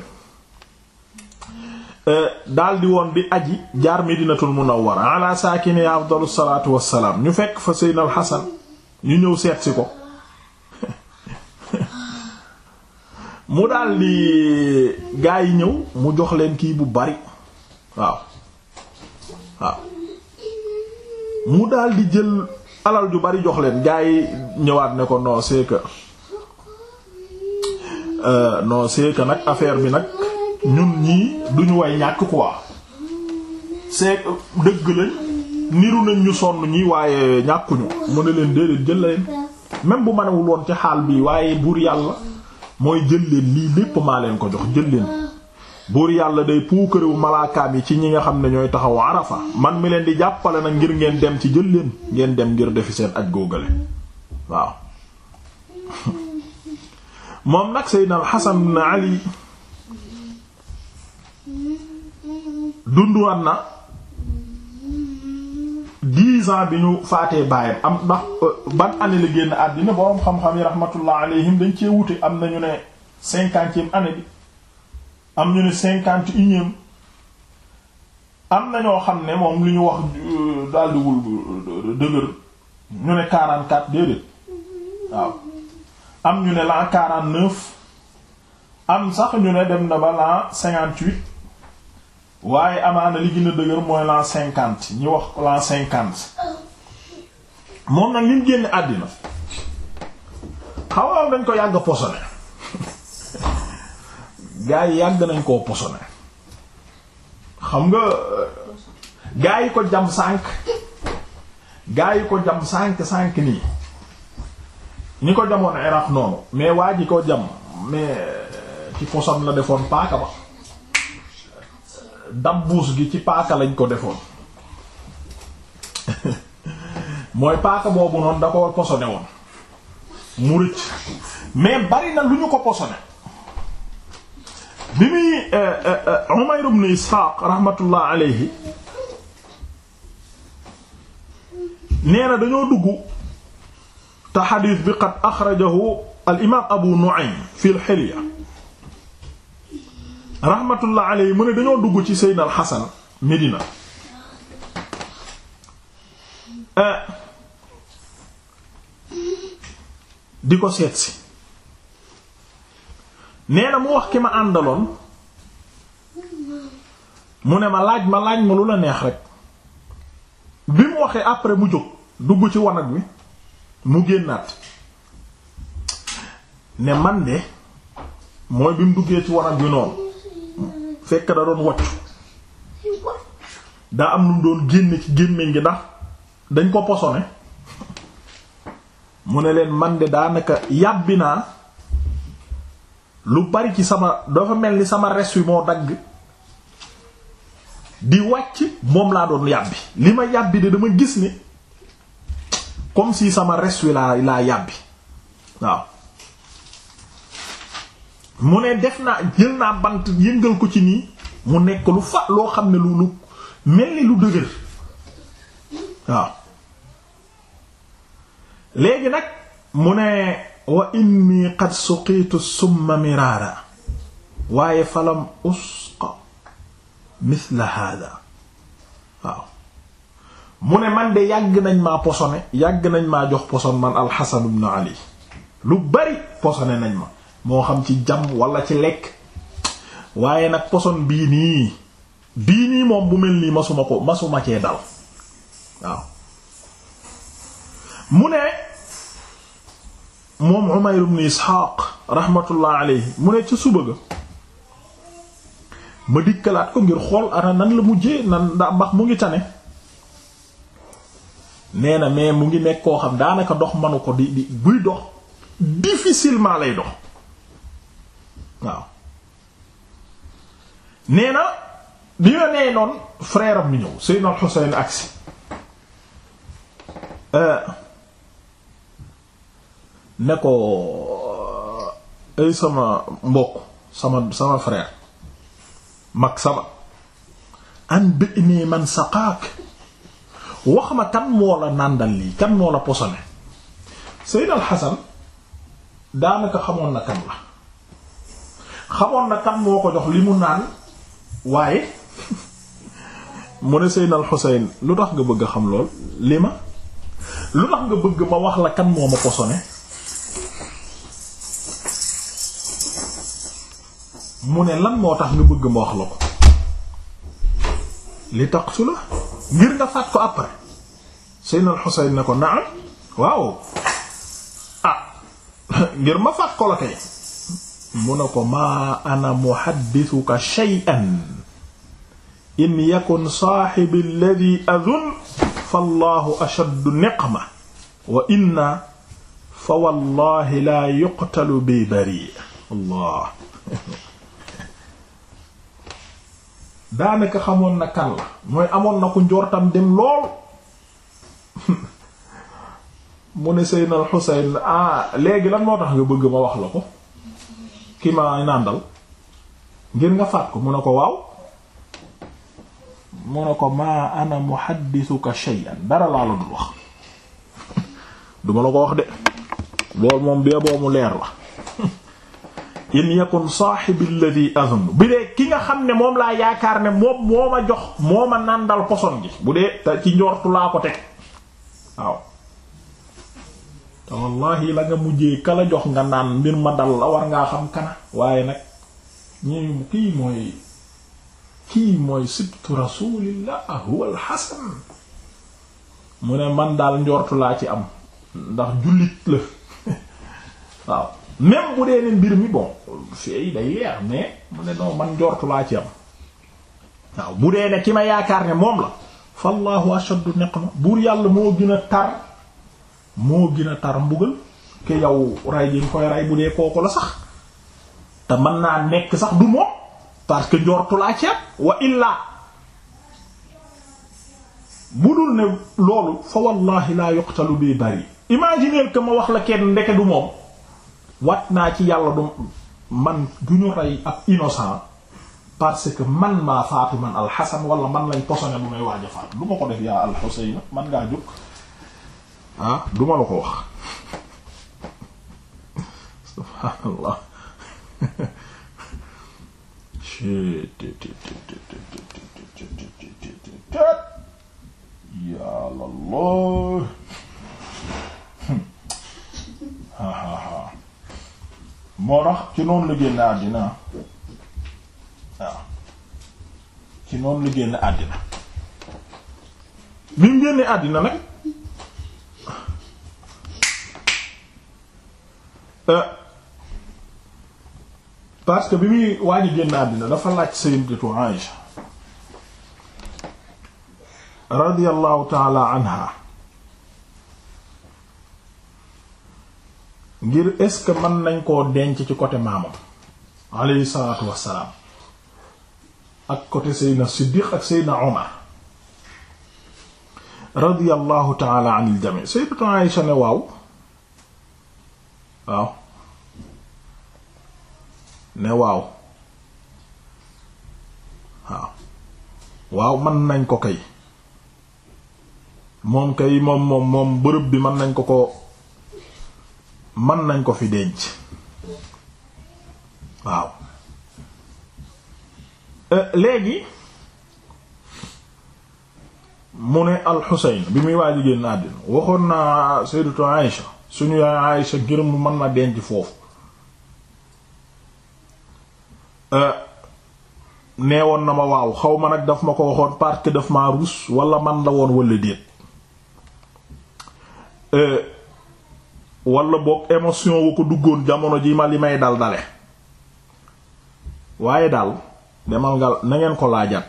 daldi woon bi aji jaar Medinatul Munawwara ala saakini afdalu salaatu wassalaam ñu fekk fa Seydina al ñu ñëw seetsi ko mu daldi gaa yi ñëw mu jox leen kii bu bari waaw waaw mu daldi jël alal ju bari jox leen gaa yi ñëwaat ne ko noo c'est noo euh, non nag affaire bi nag. ñun ñii duñu way ñàkk quoi c'est dëgg lañ niru nañ ñu sonn ñi waaye ñàkkuñu mu ne leen déedéet jël leen même bu mënewul woon ci xaal bi waaye buur yàlla mooy jël leen lii lépp maa leen ko jox jël leen buur yàlla day puukarewu malaakaam yi ci ñi nga xam ne ñooy taxaw arafa man mi leen di jàppale nag ngir ngeen dem ci jël leen ngeen dem ngir defi seen aj góogale waaw moom nag Seydina Hasan ibn Ali dundu am na dix ans bi ñu faatee baayam am ndax euh, ban année la génn àddina boroom xam-xam yi rahmatullah alayhim dañ cee wute am na ñu ne cinquantième année bi am cinquante unième am na ñoo xam ne moom li ñu wax euh, daldiwul euh, dëgër ñu ne quarante quatre déedéet waaw am ñu ne l'an quarante neuf am sax ñu ne dem na ba cinquante huit waaye amaana li gën dëgër mooy l'an cinquante ñi wax l'an cinquante moom nag lim génn àddina xaw dañ ko yàgg posone gaa yi yàgg nañ koo posone xam nga gaa yi ko jam sànq gaa yi ko jam sànq sànq nii ñi ko jamoon Iraq noonu mais waa ji ko jam mais ci poson la defoon paaka ba dambuus gi ci paaka lañ ko defoon mooy paaka boobu noonu da ko posone woon mu rëcc mais bari na lu ñu ko posone bi muy eh, eh, eh, Umayr ibn Ishaq rahmatullah alayhi nee dañoo dugg te xadiis bi qad axrajahu al imaam Abu Nu'aym fi al-Hilya rahmatullah alayhi mu ne dañoo dugg ci Seydina Alxasan Medina eh, di ko seet si nee na mu wax ki ma àndaloon mu ne ma laaj ma laaj ma lu la neex rek bi mu waxee après mu jóg dugg ci wanag wi mu génnaat ne man de mooy bi mu duggee ci wanag wi noonu fekk da doon waccu daa am nu mu doon génne ci gémmiñ gi ndax dañ ko posone mu ne leen man de daanaka yàbbi naa lu bari ci sama dafa mel ni sama res wi moo dagg di wàcc moom laa doon yàbbi li ma yàbbi de dama gis ni comme si sama res wi laa laa yàbbi waaw mu ne def naa jël naa bant yëngal ko ci nii mu nekk lu fa loo xam ne lu lu mel ni lu dëgër waaw léegi nag mu ne wa inni qad suqitu summa miraara waaye falam usqa mithla hada waaw mu ne man de yàgg nañ maa posone yàgg nañ maa jox poson man alxasan ibn ali lu bari posone nañ ma moo xam ci jam walla ci lekk waaye nag poson bii nii bii nii moom bu mel nii masuma ko masuma cee dal waaw mu ne moom Umayr ibn Isxaaq rahmatullah alayhi mu ne ca suba ga ma dikkalaat ko ngir xool ana nan la mujjee nan ndax mbax mu ngi tane nee na mais mu ngi nekk koo xam daanaka dox manu ko di di buy dox difficilement lay dox waaw nee na bi nga nee noonu frère mi ñëw Seydina Al-Husayn euh, ne ko ay euh, sama mbokk sama sama frère mag sama an bi nii man saqaak wax ma kan moo la nàndal lii kan moo la posone Seydina Al-Hasan daanaka xamoon na kan la xamoon na kan moo ko jox li mu naan waaye mu ne Seydina al lu tax nga bëgg a xam lool li ma lu tax nga bëgg ma wax la kan moo ma posone mu ne lan moo tax nga bëgg ma wax la ko li taqtu la ngir nga faat ko après Seydina Al-Husayn ne ko naan waaw ah ngir ma faat ko la kay mu ne ko maa ana muhaddisuka shay'an in yakun saaxibi alladhi adun fallahu ashaddu niqma wa inna fa wallahi la yuqtalu bi bari allah daanaka xamoon na kan la mooy amoon na ku njortam dem lool mu ne Seydina al Xuseyn ah léegi lan moo tax nga bëgg ma wax la ko ki ma nàndal ngir nga faat ko mu ne ko waaw mu ne ko maa ana muhaddithuka shay'an dara laa la dul wax duma la ko wax de loolu moom bee boobu leer la in yakun saaxibi alladhi azum bi dee ki nga xam ne moom laa yaakaar ne moom moo ma jox moo ma nàndal poson gi bu dee te ci njortu laa ko teg waaw te wallahi la nga mujjee kala jox nga naan mbir ma dal la war ngaa xam kana waaye nag ñu kii mooy kii mooy sibtu rasulillah huwa alxasan mu ne man daal njortu laa ci am ndax jullit la waaw même bu dee ne mbir mi bon fii day leer mais mu ne non man njortu laa ci am waaw bu dee ne ki ma yaakaar ne moom la fallahu ashaddu niqma buur yàlla moo gën a tar moo gën a tar mbugal ke yow ray gi koy ray bu dee kooku la sax te mën naa nekk sax du moom parce que njortu laa ceeb wa illaa bu dul ne loolu fa wallahi laa yuqtalu bi bari imaginer que ma wax la kenn ndeke du moom wat naa ci yàlla du man du ñu rey ak innocent parce que man maa faatu man alxasan wala man lañ posone lu may waaj a faatu du ma ko def yaa alxuseyn man ngaa jóg ah duma ko wax subhaanallah moo tax ci noonu la génn àddina waaw ah. ci noonu la génn àddina bi génne àddina nag Euh, parce que bi muy waaj génn àddina dafa laaj sayyidatu Aïsha radiyallahu taala anha ngir est-ce que mën nañ koo denc ci côté maamam alayhi salaatu wassalaam ak côté Seydina Siddiq ak Seydina Omar radiyallahu taala anil jami sayyidatu Aïsha ne waaw waaw ne waaw waaw waaw mën nañ ko kay moom kay moom moom moom bërëb bi mën nañ ko ko mën nañ ko fi denc waaw euh, léegi mu ne al bi muy waaj a génn àddina waxoon naa Sayyidatu Aïsha suñu yaay Aysa gërëm mu mën ma denc foofu euh, neewoon na ma waaw xaw ma nag daf ma ko waxoon parce que ma rus wala man la woon wala déet euh, wala boog émotion wu ko duggoon jamono ji ma li may dal dale waaye daal demal nga na ngeen ko laajaat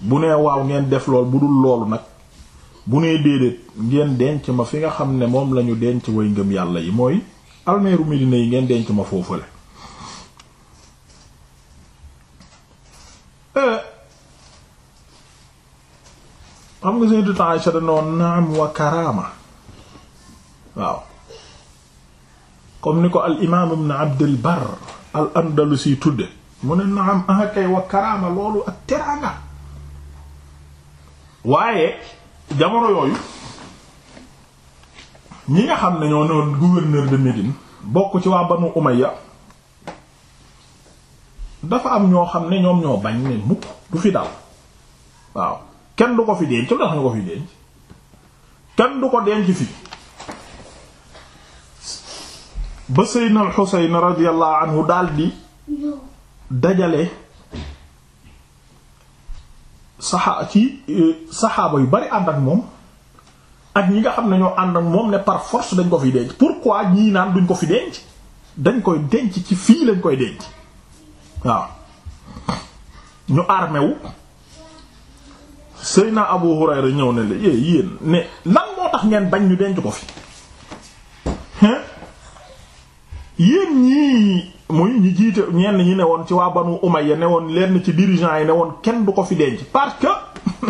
bu nee waaw ngeen def lool bu dul loolu nag bu nee déedéet ngeen denc ma fi nga xam ne moom lañu denc way ngëm yàlla yi mooy almeeru Medina yi ngeen denc ma foofale eh, xam nga Sayyidatu Aisha danoon naam wa karaama waaw comme ni ko al imaam ibn Abdul Barr al Andalusi tudde mu ne naam ah kay wa karaama loolu ak teraanga waaye jamono yooyu ñi nga xam ne ñoo newoon gouverneur de Médine bokk ci waa Banu Umayya dafa am ñoo xam ne ñoom ñoo bañ ne mukk du fi dal waaw kenn du ko fi denc fi denc kenn du ko denc fi ba Seydina Xuseyn radiyallahu anhu daldi dajale saxaa ci euh, saxaaba yu bari ànd ak moom ak ñi nga xam ne ñoo ànd ak moom ne par force dañ ko fi denc pourquoi ñii naan duñ ko fi denc dañ koy denc ci fii lañ koy denc waaw ñu armé wu Seyna Abu Hurayra ñëw ne la yéen ne lan moo tax ngeen bañ ñu denc ko fi yéen ñii muy ñi jiite ñenn ñi ne woon ci waa Banu Umayya ne woon lenn ci dirigeant yi ne woon kenn du ko fi denc parce que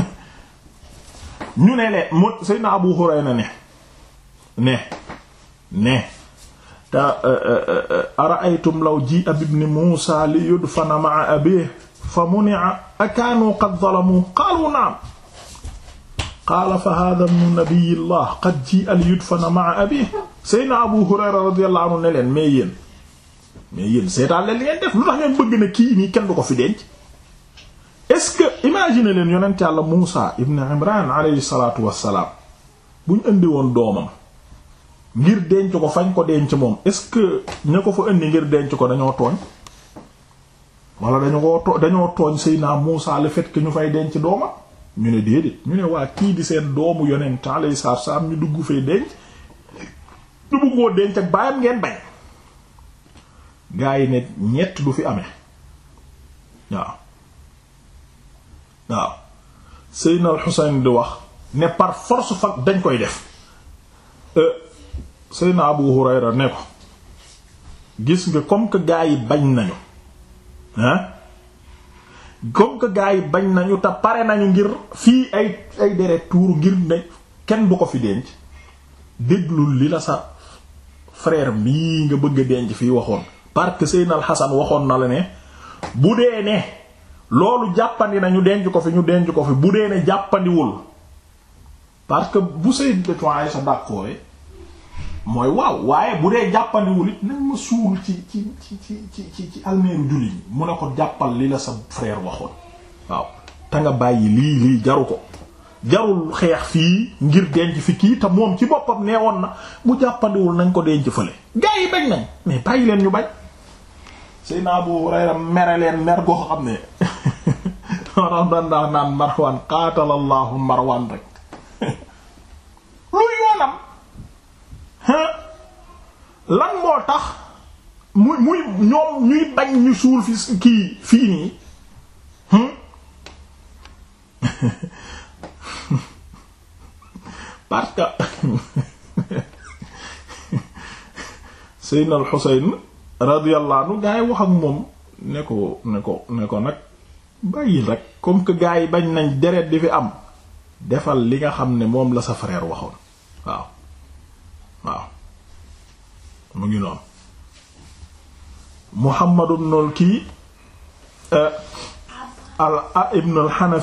ñu ne leen mu Seydina Abu Hurayra ne ne ne te e, e, e, ara'aytum law ji'a ibn Musa li yudfana ma'a abihi fa muni'a akaanu qad zalamu qaalu na'am qaala fa hada ibnu nabiyillah qad ji'a li yudfana ma'a abihi Seydina Abu Hurayra radiyallahu anhu ne leen mais yéen mais yéen seetaan leen li ngeen def lu tax ngeen bëgg na kii nii kenn du ko fi denc est-ce que imagine leen yonent yàlla Muusa ibn Imran alayhi salaatu wassalaam bu ñu indi woon doomam ngir denc ko fañ ko denc moom est-ce que ña ko fa indi ngir denc ko dañoo ko dañoo tooñ Seydina Muusa ñu fay denc doomam ñu ne déedéet ñu kii di seen doomu yonent alayhi salaatu wassalaam dugg fee denc denc ak baayam ngeen bañ gaa yi ne ñett du fi amee waaw waaw Seydina al-Xuseyn di wax ne par force fa dañ koy def euh, Seydina Abu Hurayra ne ko gis nga comme que gaa yi bañ nañu ah comme que gaa yi bañ nañu te pare nañu ngir fii ay ay deret tuur ngir ne kenn du ko fi denc déglu li la sa frère mii nga bëgg a denc fii waxoon parce que Seynal Xasan waxoon na la ne bu dee ne loolu jàppandi na ñu denc ko fi ñu denc ko fi bu dee ne jàppandiwul parce que bu Sayyidatu Aisha dàqoowe mooy waaw waaye bu dee jàppandiwul it nañ ma suul ci ci ci ci ci ci almeeru jullit mu ne ko jàppal li la sa frère waxoon waaw te nga bàyyi lii lii jaru ko jarul xeex fii ngir denc fi kii te moom ci boppam neewoon na mu jàppandiwul nañ ko denc fële. gars bañ nañ mais bàyyi leen ñu bañ. Seydina Abu Hurayra mere leen mer goo xam ne waram dan daa Marwan rek luy yoonam lan moo tax muy muy ñoom ñuy bañ ñu suul fi kii fii nii parce que Seydina al radiyallahu anhu gaa yi wax ak moom ne ko ne ko ne ko nag bàyyil rek comme que gaa yi bañ nañ deret di fi am defal li nga xam ne moom la sa frère waxoon waaw waaw mu ngi noonu Muhammad ibn kii euh, al ibn al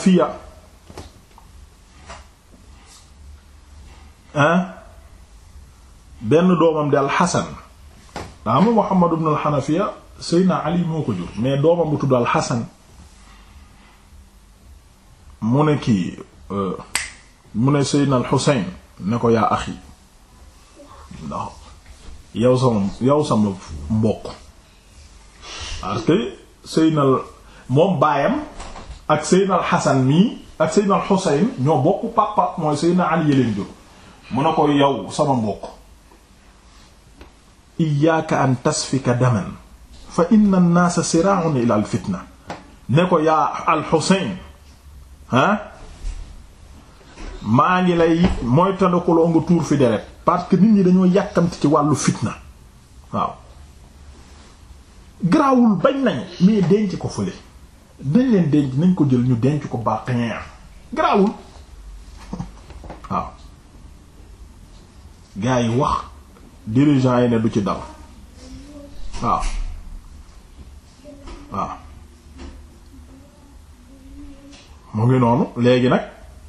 benn doomam di al daa ma Muhammad ibn al-Hanafiya Seydina Ali moo ko jur mais doomam bu tudd al-Hasan mu ne kii euh, mu ne Seydina al-Husayn ne ko yaa axi ndax yow sama yow sama mbokk parce que Seydina moom baayam ak Seydina al-Hasan mii ak Seydina al-Husayn ñoo bokk papa mooy Seydina Ali yeleen jur mu ne ko yow sama mbokk iyyaka an tasfika daman fa inna naasa siraa'un ila al-fitna ne ko yaa al maa ngi lay mooy tandakuloo nga tuur fi deret parce que nit ñi dañoo yàkkamti ci wàllu fitna waaw garaawul bañ nañ mais denc ko fële dañ leen denc nañ ko jël ñu denc ko baax rien garaawul waaw gaa yi wax dirigeant yi ne du ci dal waaw waaw mu ngi noonu léegi nag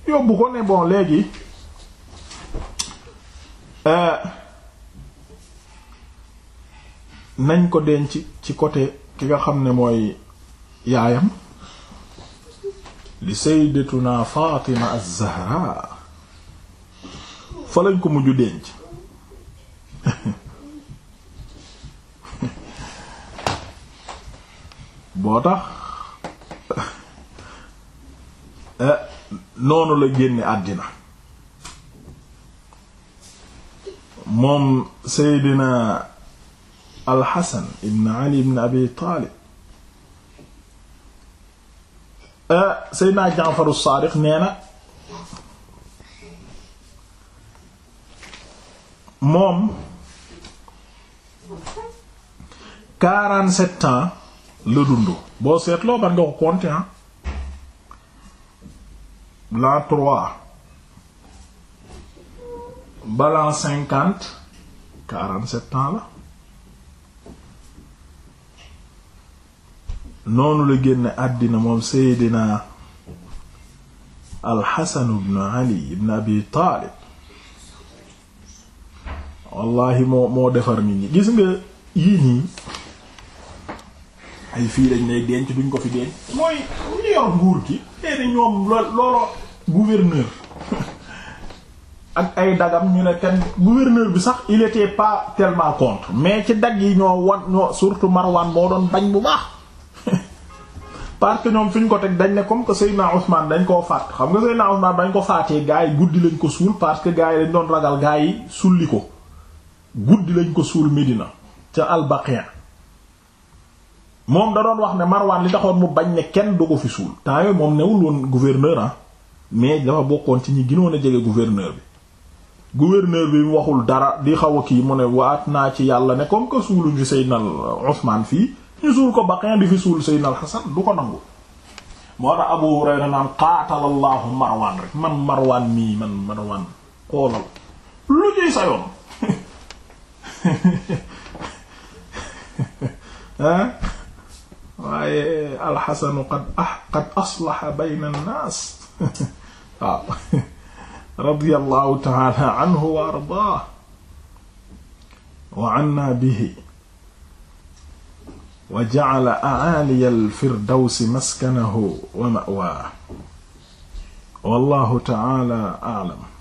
yóbbu ko ne bon léegi euh, nañ ko denc ci côté ki nga xam ne mooy yaayam li sayyidatuna Fatima az-Zahra fa lañ ko mujj denc boo tax eh, noonu la génne àddina moom seydina alxasan ibn ali ibn abi taalib eh, seydina jaafaru saadiq nee na moom quarante-sept ans la dund boo seetloo ban nga ko compter ah l'an trois ba cinquante quarante-sept ans la noonu la génn àddina moom Seydina Al Hasan Ali ibn Abi Taalib wallahi moo moo defar nit ñi gis nga yii nii ay fii lañ lay denc duñ ko fi denc mooy ñu yor nguur gi léegi ñoom looloo gouverneur ak ay dagam ñu ne kenn gouverneur bi sax il était pas tellement mais ci dag yi ñoo wan ñoo surtout Marwan boo doon bañ bu baax parce que ñoom fi ñu ko teg dañ ne comme que Seydina Ousmane dañ koo faat xam nga Seydina Ousmane dañ ko faatee gars yi guddi lañ ko suul parce que gars yi dañ doon ragal gars yi sulli ko guddi lañ ko suul Medina ca al-Baqi' moom da doon wax ne Marwan li taxoon mu bañ ne kenn du ko fi suul temps moom newul woon gouverneur ah mais dafa bokkoon ci ñi gënoon a jege gouverneur bi gouverneur bi mu waxul dara di xaw a kii mu ne waat naa ci yàlla nekkoon ko suulu suuluñ fi Seydina Usmaan fii ñu suul ko Baqi' di fi suul Seydina Hasan du ko nangu moo tax Abu Hurayra naan qaatalallahu Marwan rek man Marwan mii man Marwan xoolal lu ñuy sayoon ah waaye alxasanu qad ah qad aslaxa bayna annaas waaw radiyallahu taala anhu wa ardaah wa anna bihi wa jacala acaaliya alfirdawsi maskanahu wa ma'waahu wallahu taala aclam